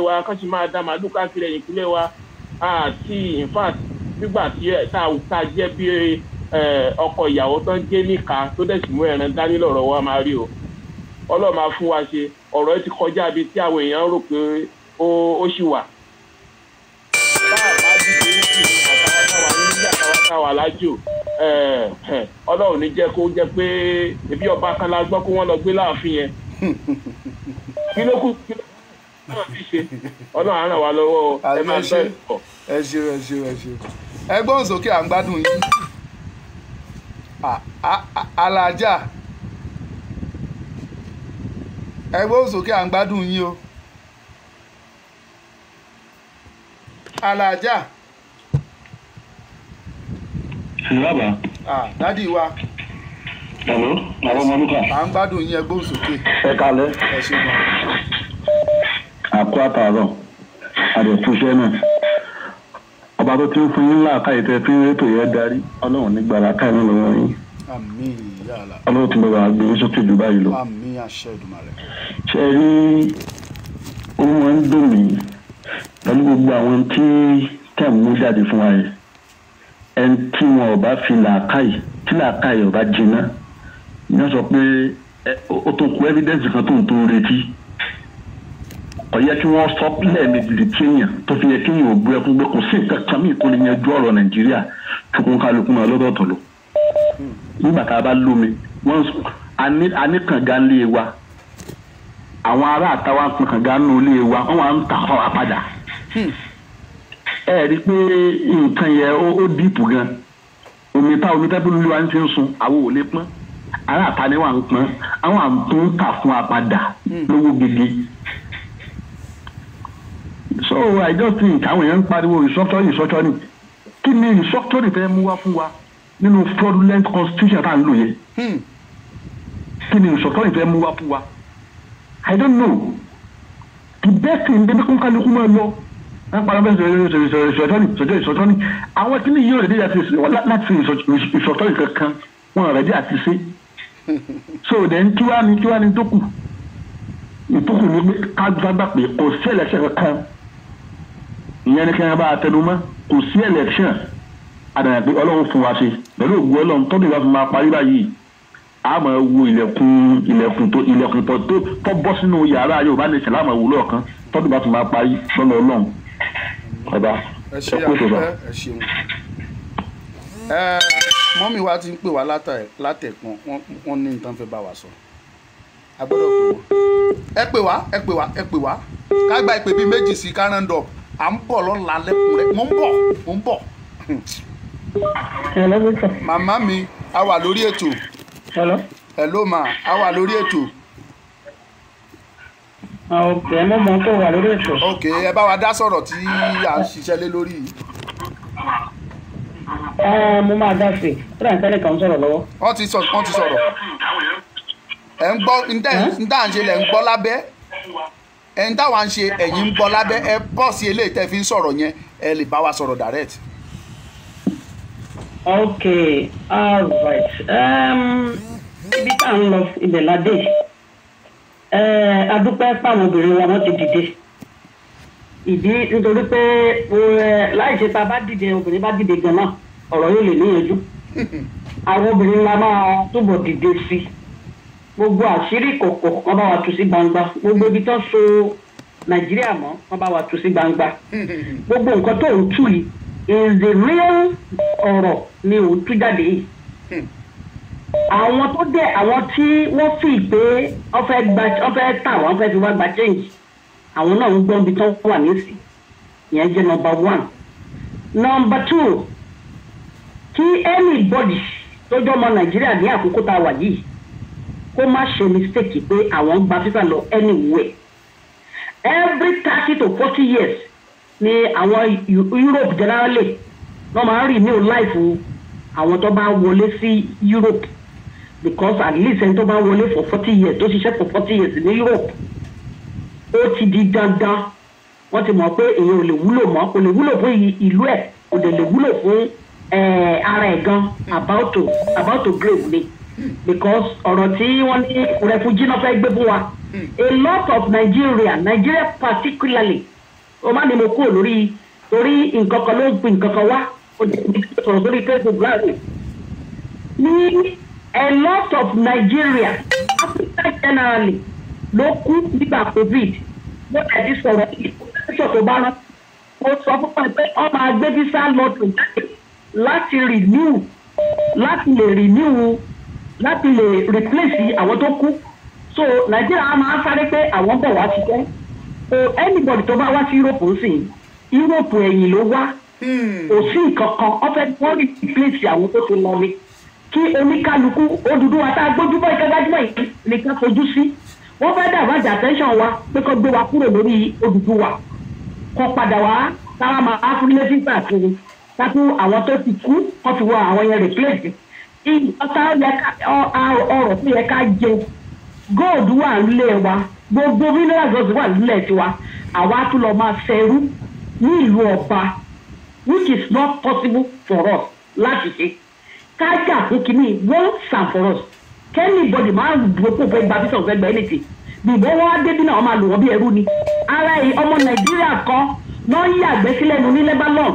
tá a jẹ́ ọkọ ìyàwó tán gé níka tó dẹ̀ mú ẹran dání lọ́rọ̀ wa máa rí o ọlọ́run máa fún wa ṣe ọ̀rọ̀ ti kọjá bi tí àwọn èèyàn rò pé ó ṣì wà. ọlọ́run ní jẹ́ kó jẹ́ pé ẹbí ọba gbọ́ kó wọ́n lọ gbé láàfin yẹn kí ló kí ló alájà ẹgbẹ́ òsòkè à ń gbádùn yín o alájà. ìyáàbá. dádì wa. hello bàbá mọ́lúkà. à ń gbádùn yín ẹgbẹ́ òsòkè. ẹ kalẹ̀. ẹ ṣe náà. ọba tó ti ń fún yín láàká ètò ẹ̀fín rétò yẹn darí ọlọ́run ní gbàrà ká ẹ̀mí lọ́wọ́ yín ọlọ́run ti bẹ̀rẹ̀ àgbè yín sókè jù báyìí lọ. ṣe rí ó máa ń dùn mí pẹ̀lú gbogbo àwọn tí tẹ̀ ń mú jáde fún wa yẹn ẹni tí wọn ò bá fi làákàyè tí làákàyè ò bá jiná ní wọ́n sọ pé ó tó kú evidence kan tó ń tó retí ọ̀yẹ́ kí wọ́n sọ lẹ́ẹ̀mejì lè kéèyàn tó fi yẹ kéèyàn ò bu ẹkún pé kò sí nǹkan kan mí kó lè yanjú ọ̀rọ̀ nàìjíríà tukun kálukú máa lọ́dọ̀ọ̀tọ̀ lọ. nígbà tá a bá lómi wọ́n a ní kànga ńlé wa àwọn ará àtàwọn apin kànga ńlé olé wa wọ́n wà ń tà fáwa padà. ẹ rí i pé nǹkan yẹn ó dìpù gan omi tá omi tẹ́bí lulú wa ń ti ń sun àwọn ò lè pọ́n ará àtàwọn wà ń pọ́n àwọn à fún wa lówó gidi so i just think àwọn èèyàn ń pariwo restructuring restructuring kí ni restructuring fẹ́ mú wá fún wa nínú fraudulent constitution tá à ń lò yẹn hmm. kí ni restructuring fẹ́ mú wá fún wa i don't know the best thing bẹ́ẹ̀ bí kún kálukú máa lọ wọ́n pa ọlọ́mọdé restructuring restructuring àwọn kìíní yìí ò rẹ̀ dé àti láti restructuring kankan wọn rẹ̀ dé àti ṣe so then kí wàá ní kí wàá ní tó kù ìtókù ní ká gbàgbà pé kò sí ẹlẹ́sẹ̀ kankan ìyẹn ni kẹ́hìn bá a tẹnu mọ́ kò sí election àdàyàn pé ọlọ́run fún wa ṣe pẹ̀lú ògùn ọlọ́run tọ́jú ìwà fún ma parí báyìí a máa wo ilẹ̀kùn ilẹ̀kùn tó ilẹ̀kùn tó tó bọ́ sínú yàrá Yorùbá nation láàmú ìwúlọ̀ kan tọ́jú ìwà fún ma parí sọ́nà ọlọ́run ọba ẹ kú ìṣòro. mọ́mí wa ti ń pè wá látẹ̀kùn wọ́n ní nǹkan fẹ́ bá wa sọ a gbọ́dọ̀ pè wá ẹ pè wá ẹ pè wá ẹ pè wá ká gba ìpè bíi méjì sí ká round up à ń bọ̀ lọ́la lẹ́kùn rẹ̀ mò ń bọ̀ mò ń bọ̀. màmá mi a wà lórí ètò. hello ma a wà lórí ètò. Ah, ok mo mọ kó wà lórí ètò. ok ẹ bá wa dá sọ̀rọ̀ tí à ń ṣiṣẹ́ lé lórí yìí ah, mo máa dá sí i rẹ̀ ntẹ́lẹ̀ kan sọ̀rọ̀ lọ́wọ́. wọ́n ti sọ̀rọ̀ wọ́n ti sọ̀rọ̀ ẹ̀ ń gbọ́ ntẹ́ ntẹ́ ń ṣe lẹ̀ ń gbọ́ lábẹ́ ẹni táwa ń ṣe ẹ̀yin ń gbọ́ lábẹ́ ẹ bọ́ sí eléyìí tẹ́ fi ń sọ̀rọ̀ yẹn ẹ lè bá wa sọ̀rọ̀ direct. ok all right ibi tá à ń lọ ibẹ̀ ládé adúpẹ́ fáwọn obìnrin wa wọ́n ti dìde ìdí nítorí pé láì ṣe tá a bá dìde obìnrin bá dìde gan náà ọ̀rọ̀ yóò lè níyanjú àwọn obìnrin la máa túbọ̀ dìde sí i gbogbo àṣírí kòkò wọn bá wa tú sí gbangba gbogbo ibi tó so nàìjíríà mọ́ wọn bá wa tú sí gbangba gbogbo nǹkan tó ń tú yìí is the real ọ̀rọ̀ ni ò ń tú jáde yìí àwọn tó dẹ̀ àwọn tí wọ́n fi pé wọ́n fẹ́ gba wọ́n fẹ́ tà wọ́n fẹ́ fi wá gba change àwọn náà ń gbọ́ ibi tó wà nísì ìyẹn jẹ́ number one number two kí anybody tó jọmọ nàìjíríà ní àkókò tá a wà yìí kó má ṣe mistake pé àwọn ń gba visa lọ anywhere every thirty to forty years ni àwọn Europe generally wọ́n máa ń rí new life àwọn tó bá wọlé sí Europe because at least ẹni tó bá wọlé for forty years tó ṣiṣẹ́ for forty years ní Europe ó ti di dandan wọ́n ti mọ̀ pé èèyàn ò lè wúlò mọ́ kò lè wúlò fún ìlú ẹ̀ kò lè wúlò fún eh, ara ẹ̀ gan about to about to grave ni because ọ̀rọ̀ tí wọ́n ní refugee náà fẹ́ gbé fún wa a lot of Nigeria Nigeria particularly o má ní mo kúrò lórí torí nǹkan kan ló ń pin nǹkan kan wá o jẹ́ ibi tí sọ̀rọ̀ sórí Facebook láàrin ní a lot of Nigeria Africa generally ló kú nígbà COVID mo tẹ̀ sí sọ̀rọ̀ ìfọwọ́sọ̀ tó bá rán mo sọ fún wa pé wọ́n máa gbé visa lọ́tò jáde láti renew láti lè renew láti lè replace àwọn tó kú so nàìjíríà á máa sáré pé àwọn bọ̀ wá ṣiṣẹ́ so anybody tó bá wá sí europe ń sìn europe ẹ̀yìn ló wá hmm. kò sí kankan wọ́n fẹ́ wọ́n replace àwọn tó ti lọ ni kí oníkálukú òdúdú wa tá a gbójúbọ̀ ìkẹ́gbájúmọ̀ yìí nìkan fojú sí wọ́n fẹ́ dàbájà attention wa pé kó gbé wa kúrò lórí òdúdú wa kó padà wá táwa máa fún létí gbà kiri ká tún àwọn tó ti kú kó fi wọ àwọn yẹn replace. Mm, ọ̀tá ọ̀rọ̀ tó yẹ ká jẹ góòdù wà nílé wa gbogbo mineral gods wà nílẹ̀ tiwa àwa tún lọ máa fẹrú ní ìlú ọba which is not possible for us láti ṣe ká jà fún kínní once and for us kẹ́nìbọ̀dì máa dúró pé gba bísọ̀ fẹ́ gba ẹnìtì bìbọn wọn á débi náà wọn máa lò wọn bí ẹrú ni ara yìí ọmọ nàìjíríà kan lọ́ọ́ yàgbẹ́ sílẹ̀ nu ní lebanon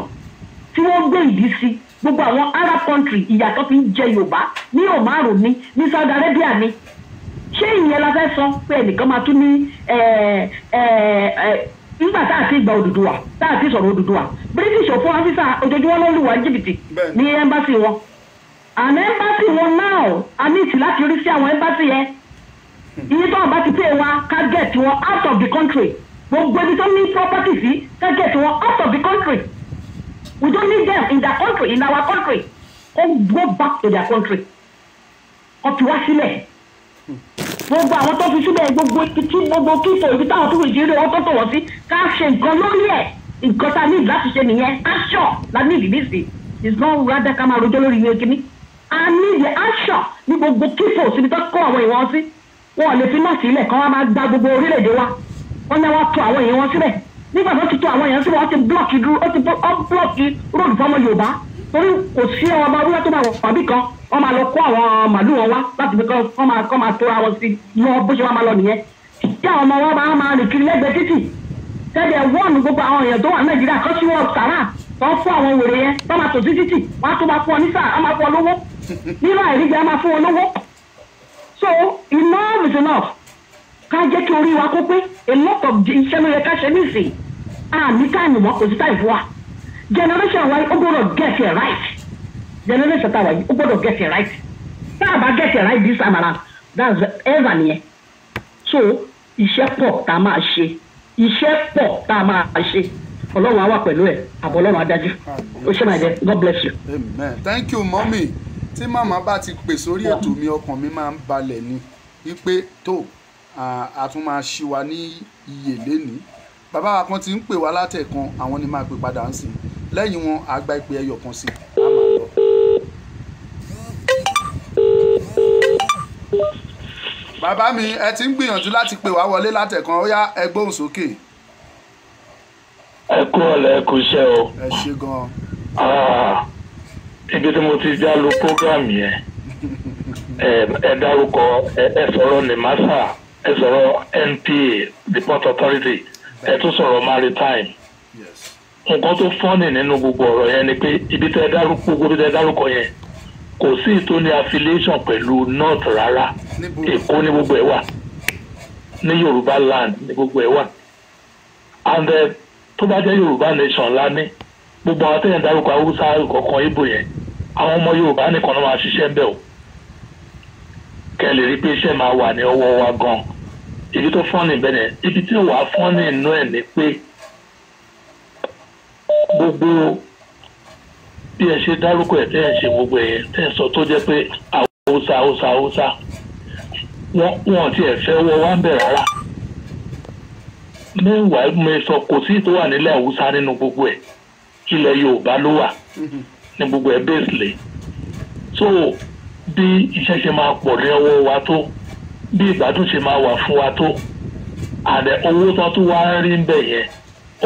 tí wọ́n gbé ìdí sí i gbogbo àwọn arab country ìyàtọ̀ fi ń jẹ yorùbá ní omaru ni ní saudi arabia ni ṣé ìyẹn la fẹ́ sọ pé ẹnìkan máa tún ní nígbà tá a ti gba Odùduwà tá a ti sọ̀rọ̀ Odùduwà british ò fún áfíṣà ojoojúmọ́ ló lù wá jìbìtì ní ẹ́mbásì wọn àmì ẹ́mbásì wọn náà a ní ìtì láti rí sí àwọn ẹ́mbásì yẹn iye tó àbá ti pè wá target wọn out of the country gbogbo ibi tó ní property sí target wọn out of the country. We don't need them in their country, in our country. Come go back to their country. Kọ́ fi wá sílẹ̀. Gbogbo àwọn tó fi sílẹ̀ gbogbo etí gbogbo kíkọ̀ ibi táwọn tó rìn jíire wọ́n tó tò wọ́n sí. Ká ṣe nǹkan lórí ẹ̀. Nǹkan tá a ní láti ṣe nìyẹn. Action la ní ìdí nísì. It's not rather ká máa rojọ́ lórí ìwé kíní. A ní ìdí action ní gbogbo kíkọ̀ síbi tó kọ́ àwọn ìwọ̀n sí. Wọ́n lè fi náà sílẹ̀ kán wá máa gba gbogbo orílẹ̀-èdè wa. Wọ́n náà wá tò àwọn ìwọ̀n sílẹ̀ nígbà tó ti tó àwọn èèyàn síbẹ̀ wọ́n ti blọ́ọ̀kì dúró ó ti blọ́ọ̀kì róòdù fọmọ yorùbá torí kò sí ọmọ wíwá tó bá wọ̀ pàbí kan wọ́n máa lọ kó àwọn màlúù wọn wá láti fi kọ́ máa kọ́ máa tó àwọn sí lọ bó ṣe wá máa lọ nìyẹn tí àwọn ọmọ wọn máa máa rìn kiri lẹ́gbẹ̀ẹ́ títì tẹ́lẹ̀ wọ́ọ̀nù gbogbo àwọn èèyàn tó wà nàìjíríà kan sí wọ́ọ̀sì sàrà tó fún àwọn wèrè yẹn tó máa tò sí títì wọ́n á tó máa fún ọ ní á máa fún ọ lówó nínú àìrígbẹ́ á máa fún ọ lówó so enough is enough ká jẹ́ kí orí wa kó pé a lot of iṣẹ́ ló yẹ ká ṣe nísìnyí àmì táìmù mọ́ kò sí táìmù wa generation wa ó gbọ́dọ̀ get it right generation táwa yìí ó gbọ́dọ̀ get it right tá a bá get it right this time around that's ever nìyẹn so iṣẹ́ pọ̀ tá a máa ṣe iṣẹ́ pọ̀ tá a máa ṣe ọlọ́run á wà pẹ̀lú ẹ̀ àbọ̀ ọlọ́run á dájú ó ṣe máa jẹ god bless you. amen thank you mọ́mì tí màmá bá ti pè sórí ètò mi ọkàn mi máa ń balẹ̀ ni wípé tó a tún máa ṣí wa ní iyè lénìí bàbá wa kan ti ń pè wá látẹ̀kan àwọn ni máa pè padà ń sìn lẹ́yìn wọn àgbà ìpè ẹyọ kan sí i á máa lọ. bàbá mi ẹ ti ń gbìyànjú láti pè wá wọlé látẹ̀kan ó yá ẹ gbóhùn sókè. ẹ kú ọ̀lẹ́ ẹ kú iṣẹ́ o. ẹ ṣe gan-an. ibi tí mo ti já lu program yẹn ẹ dárúkọ ẹ sọ̀rọ̀ ní màsà ẹ sọ̀rọ̀ NPA the port authority ẹ tún sọ̀rọ̀ maritime nǹkan tó fọ́nì nínú gbogbo ọ̀rọ̀ yẹn ni pé ibi tẹ́ dárúkọ gbogbo tẹ́ dárúkọ yẹn kò sí ìtò ní affiliation pẹ̀lú north rárá èkó ní gbogbo ẹ̀ wà ní yorùbá land ní gbogbo ẹ̀ wà and eh, tó bá jẹ́ yorùbá nation ńlá ní gbogbo àwọn tẹ́yìn dárúkọ haúsá kọ̀ọ̀kan ibo yẹn àwọn ọmọ yorùbá nìkan ló máa ṣiṣẹ́ ń bẹ̀ o kẹ́ lè rí pé iṣẹ́ máa wà ní ọwọ́ wa gan-an ibi tó fọ́ọ̀nì bẹ́ẹ̀ ibi tí wàá fọ́ọ̀nì inú ẹ̀ ni pé gbogbo bí ẹ ṣe dárúkọ ẹ tẹ́ ẹ ṣe gbogbo ẹ tẹ́ ẹ sọ tó jẹ́ pé haúsá haúsá haúsá wọn ti ẹ̀ fẹ́ wọ wá ń bẹ̀ rárá mẹ́wàá mi sọ kò sí tó wà nílẹ̀ haúsá nínú gbogbo ẹ̀ ilẹ̀ yorùbá ló wà ní gbogbo ẹ̀ bẹ́ẹ̀ sílẹ̀ so bí iṣẹ́ ṣe máa pọ̀ ní ọwọ́ wa tó bí ìgbádùn ṣe máa wà fún wa tó àdẹ owó tán tún wá rí ń bẹ̀ yẹn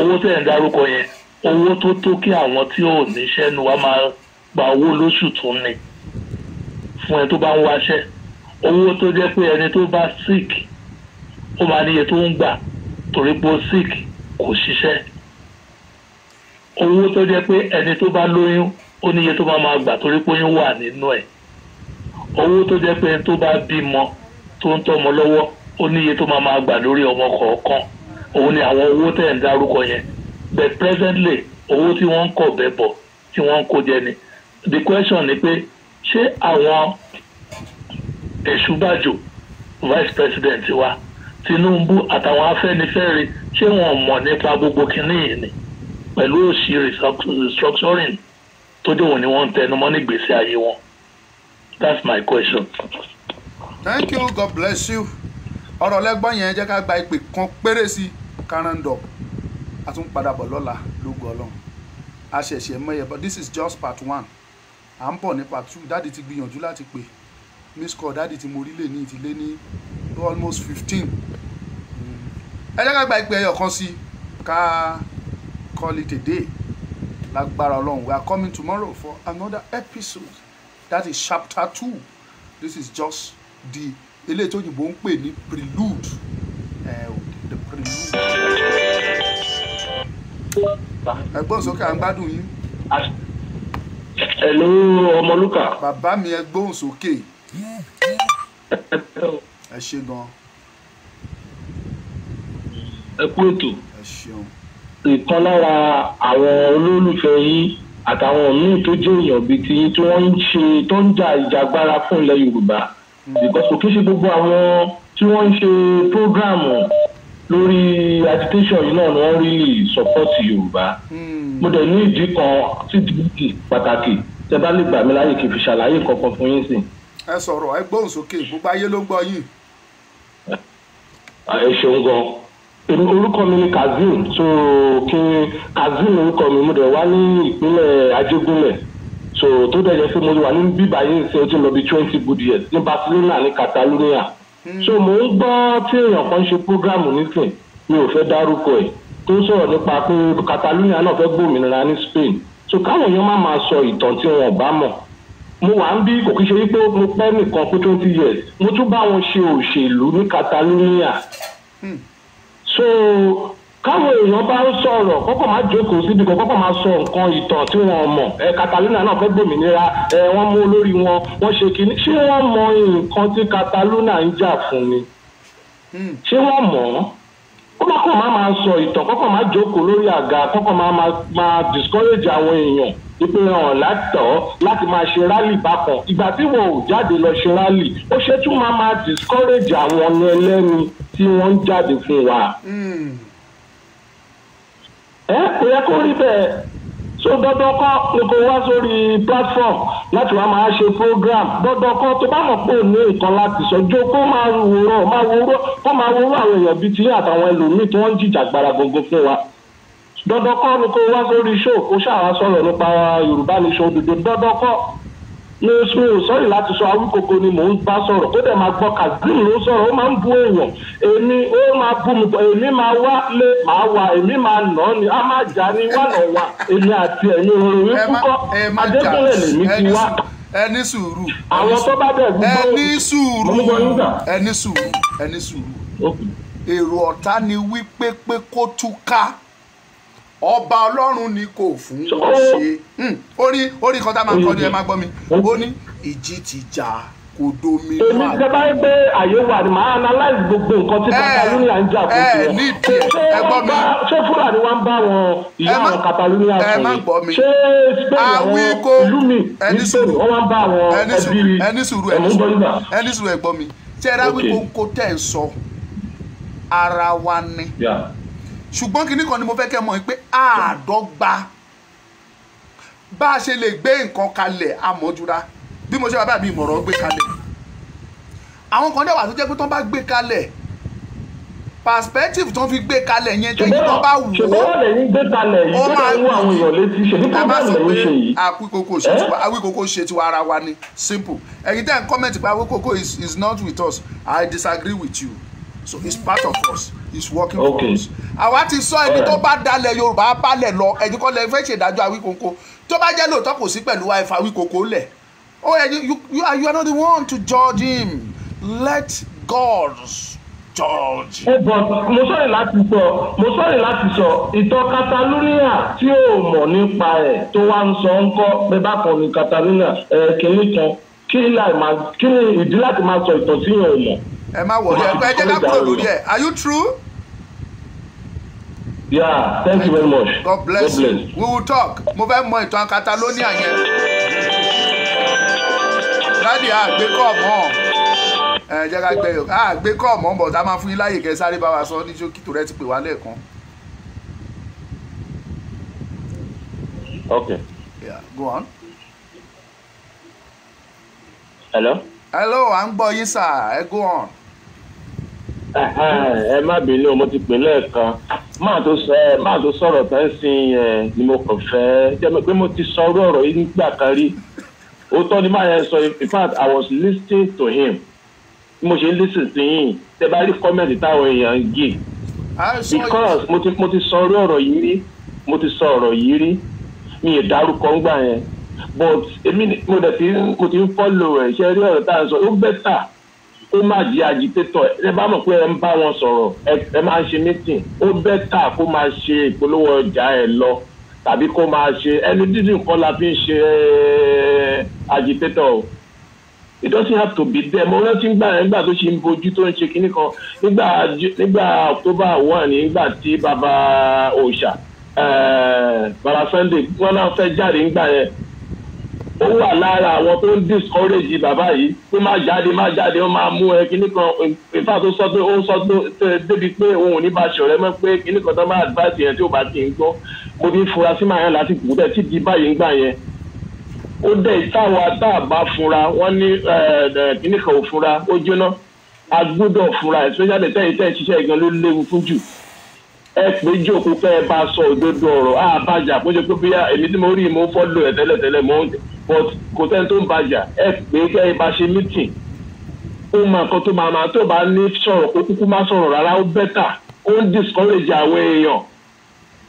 owó tẹ̀ ń dárúkọ yẹn owó tó tó kí àwọn tí ò níṣẹ́ nu wa máa gba owó lóṣù tún ni fún ẹni tó bá ń wáṣẹ́ owó tó jẹ́ pé ẹni tó bá sick ó máa níye tó ń gbà torí pé ó sick kò ṣiṣẹ́ owó tó jẹ́ pé ẹni tó bá lóyún ó níye tó máa gbà torí pé oyún wà nínú ẹ̀ owó tó jẹ́ pé ẹni tó bá bímọ tó ń tọ́mọ lọ́wọ́ ó ní iye tó máa máa gbà lórí ọmọ kọ̀ọ̀kan òun ni àwọn owó tẹ̀ ń dárúkọ yẹn but presently owó tí wọ́n ń kọ̀ bẹ́ẹ̀ bọ̀ tí wọ́n ń kó jẹ ni the question ni pé ṣé àwọn Ẹ̀ṣúbàjò vice president wa Tinubu àtàwọn Afẹ́nifẹ́re ṣé wọ́n mọ̀ nípa gbogbo kinní yìí ni pẹ̀lú òṣì restructuring tó dé òun ni wọ́n ń tẹnumọ́ nígbèésí ayé wọn that's my question thank you god bless you ọ̀rọ̀ lẹ́gbọ́n yẹn jẹ́ ká gba ìpè kan péré sí káràndọ̀ a tún padà bọ̀ lọ́la lógo ọlọ́run a ṣẹ̀ṣẹ̀ mẹ́yẹ but this is just part one à ń bọ̀ ní part two dáàdi ti gbìyànjú láti pè miss call dáàdi ti mo rí lè ní ìdílé ní almost fifteen ẹ jẹ́ ká gba ìpè ẹyọ kan sí ká call it a day lágbára ọlọ́run we are coming tomorrow for another episode that is chapter two this is just di eléyìí tó yìnbó ń pè ní prelude the prelude. ẹ̀gbọ́n sókè à ń gbádùn yín. hello ọmọlúkà. bàbá mi ẹgbọ́n sókè. ẹ ṣe gan. ẹ kú ètò. ẹ ṣeun. ìkan lára àwọn olólùfẹ́ yín àtàwọn míì tó jẹ́ èèyàn bíi tiyín tí wọ́n ń ṣe tó ń jà ìjàgbára fún ilẹ̀ yorùbá because kò kí ṣe gbogbo àwọn tí wọ́n ń ṣe prógráàmù lórí agitation yìí náà ni wọ́n rí support yorùbá hmm. mo dẹ̀ ní ìdí kan sí ìdí pàtàkì tẹ́ bá lè gbà mí láyè kí n fi ṣàlàyé nǹkan kan fún yín sí. ẹ sọ̀rọ̀ ẹ gbóhùn sókè gbogbo ayé ló gbọ́ yìí. ẹ ṣeun gan orúkọ mi ni kazeem so kí kazeem orúkọ mi mo dẹ̀ wá ní ìpínlẹ̀ ajégúnlẹ̀ so tó dẹ̀ yẹ pé mo wà ní bíbá yìí ṣe o ti lọ bí twenty good years ní Barcelona ní Catalonia hmm. so mo ń gbọ́ tí èèyàn kan ṣe programu nísìn mi ò fẹ́ dárúkọ ẹ̀ tó sọ̀rọ̀ nípa pé Catalonia náà fẹ́ gbòmìnira ní Spain so káwọn èèyàn má máa sọ ìtàn tí wọn ò bá mọ̀ mo wà ń bí kò kí ṣe wípé mo pẹ́ nìkan fún twenty years mo tún bá wọn ṣe òṣèlú ní Catalonia hmm. so káwọn èèyàn bá ń sọ̀rọ̀ kọ́kọ́ máa jókòó síbi kan kọ́kọ́ máa sọ nǹkan ìtàn tí wọ́n mọ̀ ẹ Cataluna náà fẹ́ gbòmìnira ẹ wọ́n mú olórí wọn wọ́n ṣe kínní ṣé wọ́n mọ nǹkan tí Cataluna ń jà fún ni hmm. ṣé wọ́n mọ̀ ọ́ kọ́kọ́ máa máa sọ ìtàn kọ́kọ́ máa jókòó lórí àga kọ́kọ́ máa máa discourage àwọn èèyàn ìpè hàn látọ̀ láti máa ṣe rálì bákan ìgbà tí wọn ò jáde lọ ṣe rálì ó ṣe tún máa máa discourage àwọn ẹlẹ́ni tí wọ́n ń jáde fún wa. Hmm ẹ kò yẹ kó rí bẹ́ẹ̀ so dandan kọ́ ni kò wá sórí platform láti wá máa ṣe program dandan kọ́ tó bá mọ̀ pé ò ní nǹkan láti sọ jó kó máa wòrọ̀ máa wòrọ̀ kó máa wòrọ̀ àwọn èèyàn bíi ti àtàwọn ẹlòmíì tí wọ́n ń jìjà gbára gbogbo fún wa dandan kọ́ ni kò wá sórí show kó ṣàwá sọ̀rọ̀ nípa Yorùbá Nation òdodo dandan kọ́ mi mi ò sọ́ọ̀rì láti sọ awíkoko ni mò ń bá sọ̀rọ̀ ó dẹ̀ máa gbọ́ kazeem ló sọ̀rọ̀ ó máa ń bu èèyàn èmi ó máa bu mi pọ̀ èmi máa wá lé màá wá èmi máa nà ọ́ ni a máa jà ní wàlọ̀ wa èmi àti ẹ̀mí òòrùn mi kúkọ́ adékúnlẹ̀ lèmi ti wá. ẹ ní sùúrù àwọn tó bá bẹ̀ gbọ́ ẹ ní sùúrù ẹ ní sùúrù ẹ ní sùúrù èrò ọ̀tá ni wípé pé kó túká. ọba ọlọ́run ni kò fún wọn orí orí kan tá a máa ń kọ́ ni ẹ máa gbọ́ mi oh. ó ní ìjì ti jà kò domi èmi gbé àyè wà ní màá gbogbo nǹkan tí eh, ń jà eh, ẹ ṣé Fúlàní wa bá wọn ìyá eh, àwọn ẹ ṣé Spain ìlú mi ní Spain bá ẹbí ṣùgbọ́n kinní kan ni mo fẹ́ kẹ́ mọ̀ pé àádọ́gba bá a ṣe lè gbé nǹkan kalẹ̀ àmọ́júra bí mo ṣe bàbá mi ìmọ̀ràn gbé kalẹ̀ àwọn kan dẹ̀wà tó jẹ́ pé tó bá gbé kalẹ̀ perspective tó fi gbé kalẹ̀ yẹn tẹ́yìn tó bá wò ó ṣùgbọ́n ọ̀lẹ́ yín gbé kalẹ̀ yìí ó máa ń wọ àwọn èèyàn létí ṣèbí pọ́ńbàmù ló ṣe yìí. àwíkókó ṣe tiwa ara wa ni simple ẹ̀yin tẹ́ ń comment pé àwíkókó is not with us I disagree with you so it's part of us it's working okay. for us. àwa ti sọ ẹni tó bá dalẹ̀ yorùbá balẹ̀ lọ ẹ̀yin kọ́ lẹ fẹ́ ṣèdájọ́ àwíkoko tó bá jẹ́ lóòótọ́ kò sí pẹ̀lú àìfà àwíkoko lẹ̀ oh you, you, are, you are not the one to judge him let God judge. ẹ bọ mo sọ̀rọ̀ láti sọ mo sọ̀rọ̀ láti sọ ìtàn Catalonia tí ò mọ̀ nípa ẹ̀ tó wá ń sọ ń kọ́ pé bákan ni Catalonia ẹ̀ kìíní kan kí ni ìdí láti máa sọ ìtàn síyàn ò mọ̀ ẹ má wọlé ẹ jẹ́ ká kúrò lórí ẹ̀ are you true. yeah thank you very much. God bless, God bless. you we will talk mo fẹ́ mọ ìtàn Catalonia yẹn. dáàdi àgbékọ̀ mọ́ ẹ jẹ́ ká gbẹ yòókù àgbékọ̀ mọ́ bọ̀ tá a máa fún yín láyè kẹ́ sáré bá wa sọ ní ṣókí tó rẹ ti pè wá lẹ́ẹ̀kan. okay. yeah go on. hello. hello i'm ń sir yín sà ẹ go on. ẹ má bínú mo ti pè lẹ́ẹ̀kan máa tó sọ tó sọ̀rọ̀ tá ń sin ẹ ni mo kàn fẹ́ jẹ́mi pé mo ti sọ orú ọ̀rọ̀ yìí nígbà kan rí òótọ́ ni máa yẹn sọ in fact I was lis ten to him bí mo ṣe ń listen sí yìí tẹ bá rí kọ́mẹ̀ntì táwọn èèyàn ń gé because mo ti mo ti sọ orú ọ̀rọ̀ yìí rí mo ti sọ ọ̀rọ̀ yìí rí mi ì dárúkọ ńgbà yẹn but èmi mo dẹ̀ ti ń mo ti ń follow ẹ̀ ṣe rí ọ̀rọ̀ tá à ń sọ ó bẹ́tà kó má di agitator ẹ bá mọ̀ pé ẹ ń bá wọn sọ̀rọ̀ ẹ máa ń ṣe meeting ó bẹ́tà kó máa ṣe ìpolówó ọjà ẹ lọ tàbí kó máa ṣe ẹnu dídùn kan la fi ń ṣe agitator o it doesn't have to be there mo rántí gbà yẹn nígbà tó ṣe ń bojú tó ń ṣe kinní kan nígbà nígbà october one nígbà tí baba òòṣà baba sunday wọn náà fẹ́ jáde nígbà yẹn ó wà lára àwọn tó ń discourage bàbá yìí tó má jáde má jáde ó máa mú ẹ kíní kan ìfà tó sọ pé ó sọ pé débi pé òun ò ní bá ṣọ̀rẹ́ mọ́ pé kíní kan tó máa advice yẹn tí ó bá ti ń gbọ́ mo ti ń fura sí màá yẹn láti kù tẹ̀ tí di báyìí ń gbà yẹn ó dẹ̀ táwa tá a bá fura wọ́n ní kíní kan ò fura ó jóná a gbọ́dọ̀ fura especially tẹ́yìn tẹ́yìn ṣiṣẹ́ gan ló léwu fún jù ẹ pé jókòó kẹ́ bá sọ òdodo ọ̀rọ̀ àbájá kó jẹ́ pé bí èmi tí mo rí mo fọ́ lò ẹ̀ tẹ́lẹ̀tẹ́lẹ̀ mo ń but kò tẹ́ni tó ń bàjà ẹ pé kẹ́ ẹ bá ṣe meeting ó mọ nǹkan tó máa máa tó bá ní sọ̀rọ̀ kó kúkú má sọ̀rọ̀ rárá ó bẹ́tà ó ń discourage àwọn èèyàn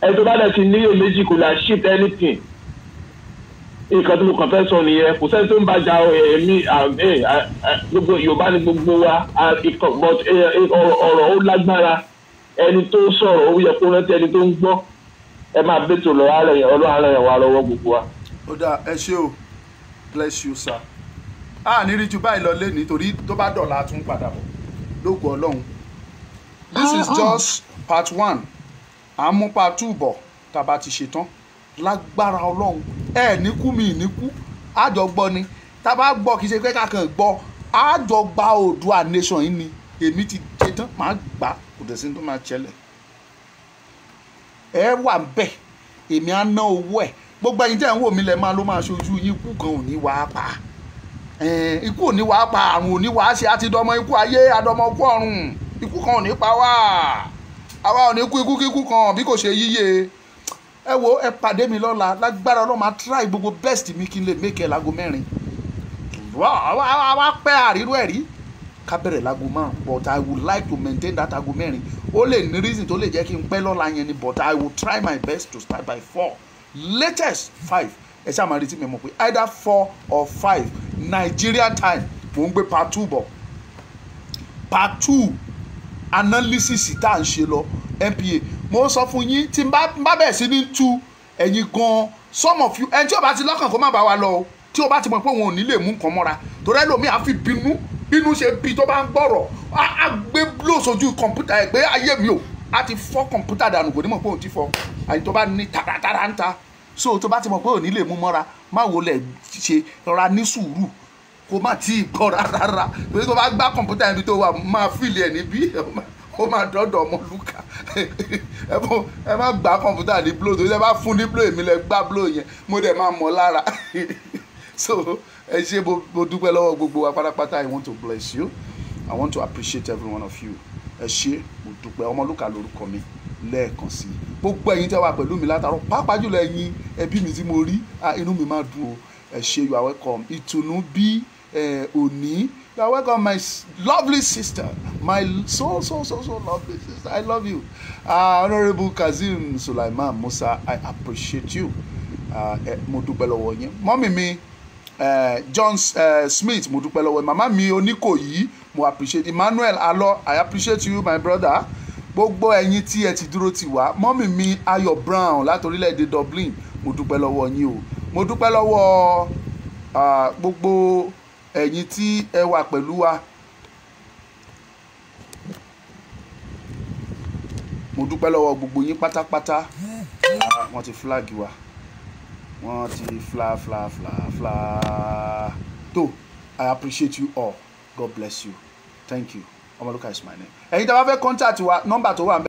ẹ tó bá dẹ̀ ti níyè méjì kò là shift anything nǹkan tó kàn fẹ́ sọ nìyẹn kò sẹ́ni tó ń bàjà èmi eh, eh, eh, gbogbo Yorùbá ni gbogbo wa ọ̀rọ̀ ó lágbára ẹni tó sọ̀rọ̀ ó yẹ kó rántí ẹni tó ń gbọ́ ẹ máa bẹ́tò lọ́wọ́ ara yẹn wá lọ́wọ́ gbogbo wa. ó dáa ẹ ṣé o bless you sir a ní rí ju báyìí lọ lé nítorí tó bá dọ̀la a tún padà bọ̀ lóògùn ọlọ́run this is ah, ah. just part one à ń mú part two bọ̀ tá a bá ti ṣetán lágbára ọlọ́run ẹ níkú mi níkú àjọ gbọ́ ni tá a bá gbọ́ kì í ṣe pé kankan gbọ́ àjọ gba Oòduà nation yìí ni èmi ti dé tán màá gbà kò dẹ̀ sí ní tó máa ṣẹlẹ̀ ẹ wà bẹ́ẹ̀ èmi á ná owó ẹ̀ gbogbo ẹ̀yin tẹ́ ń wò mí lẹ máa ló máa ṣojú yín ikú kan ò ní wàá pa ikú ò ní wàá pa àrùn ò ní wàá ṣe àti dọmọ ikú ayé àdọmọ ikú ọ̀run ikú kan ò ní pa wá àwa ò ní kú ikú kíkú kan bí kò ṣe yíyé ẹ wo ẹ pàdé mi lọ́la lágbára ọlọ́run try gbogbo best mi kí n lè make ẹ mẹ́rin àwa pẹ́ àrírú ẹ̀rí ká bẹ̀rẹ̀ láago márùn but i would like to maintain that aago mẹ́rin ó lè ní reason tó lè jẹ́ kí n pẹ́ lọ́la yẹn ni but i will try my best to start by four latest five ẹ ṣáà máa retí mi mọ̀ pé either four or five Nigerian time mò ń gbé part two bọ̀ part two analysis tá à ń ṣe lọ NPA mo sọ fún yín tí n bá bẹ̀rẹ̀ sí ní tú ẹ̀yin gan some of you ẹni tí o bá ti lọ́kàn kó má bá wa lọ o tí o bá ti mọ̀ pé òun ò ní lè mú nǹkan mọ́ra torí ẹlòmíì á fi bínú bínú ṣe bí tó bá ń gbọ́rọ̀ á gbé blow sójú kọ̀ǹpútà ẹ̀ pé ayé mi ò á ti fọ́ kọ̀ǹpútà dànù kò ní mọ̀ pé òun ti fọ́ àyè tó bá ní tààràtàrà ń ta so tó bá ti mọ̀ pé òní lè mú mọ́ra má wo lẹ̀ ṣe rọra ní sùúrù kó má tí ì gbọ́ rárá pé tó bá gbá kọ̀ǹpútà ẹni tó wà máa fìlì ẹ̀ níbí ó máa dọ́dọ̀ ọmọ lúkà ẹ má gbá kọ̀ǹpútà ní blow tó ṣe bá fún ní blow èmi lẹ gbá blow yẹn mo dẹ̀ máa mọ̀ lára so ẹ ṣe mo dúpẹ́ lọ́wọ́ gbogbo wa pátápátá I want to bless you I want to appreciate every one of you ẹ ṣe mo dúpẹ́ ọmọlúkà lórúkọ mi lẹ́ẹ̀kan sí i gbogbo ẹ̀yin tẹ́ wà pẹ̀lú mi látàárọ̀ pàápàá jùlọ ẹ̀yin ẹbí mi tí mo rí inú mi máa dùn o ẹ you are welcome ìtùnú bí òní you are welcome my lovely sister my so so so so lovely sister i love you uh, honourable kazeem sulaiman musa i appreciate you mo dúpẹ́ lọ́wọ́ yín mọ́mì mi john smith mo dúpẹ́ lọ́wọ́ yín màmá mi oníkòyí mo appreciate emmanuel alo i appreciate you my brother gbogbo ẹ̀yin tí ẹ ti dúró ti wá mọ́mì mi Ayọ̀ Brown láti orílẹ̀-èdè Dublin mo dúpẹ́ lọ́wọ́ yín o mo dúpẹ́ lọ́wọ́ gbogbo ẹ̀yin tí ẹ wà pẹ̀lú wa mo dúpẹ́ lọ́wọ́ gbogbo yín pátápátá wọ́n ti flag wa wọ́n ti fla fla fla fla tó I appreciate you all God bless you thank you Ọmọlúkà is my name ẹ̀yin tí a bá fẹ́ contact wa nọ́mbà tó wà ń bẹ̀.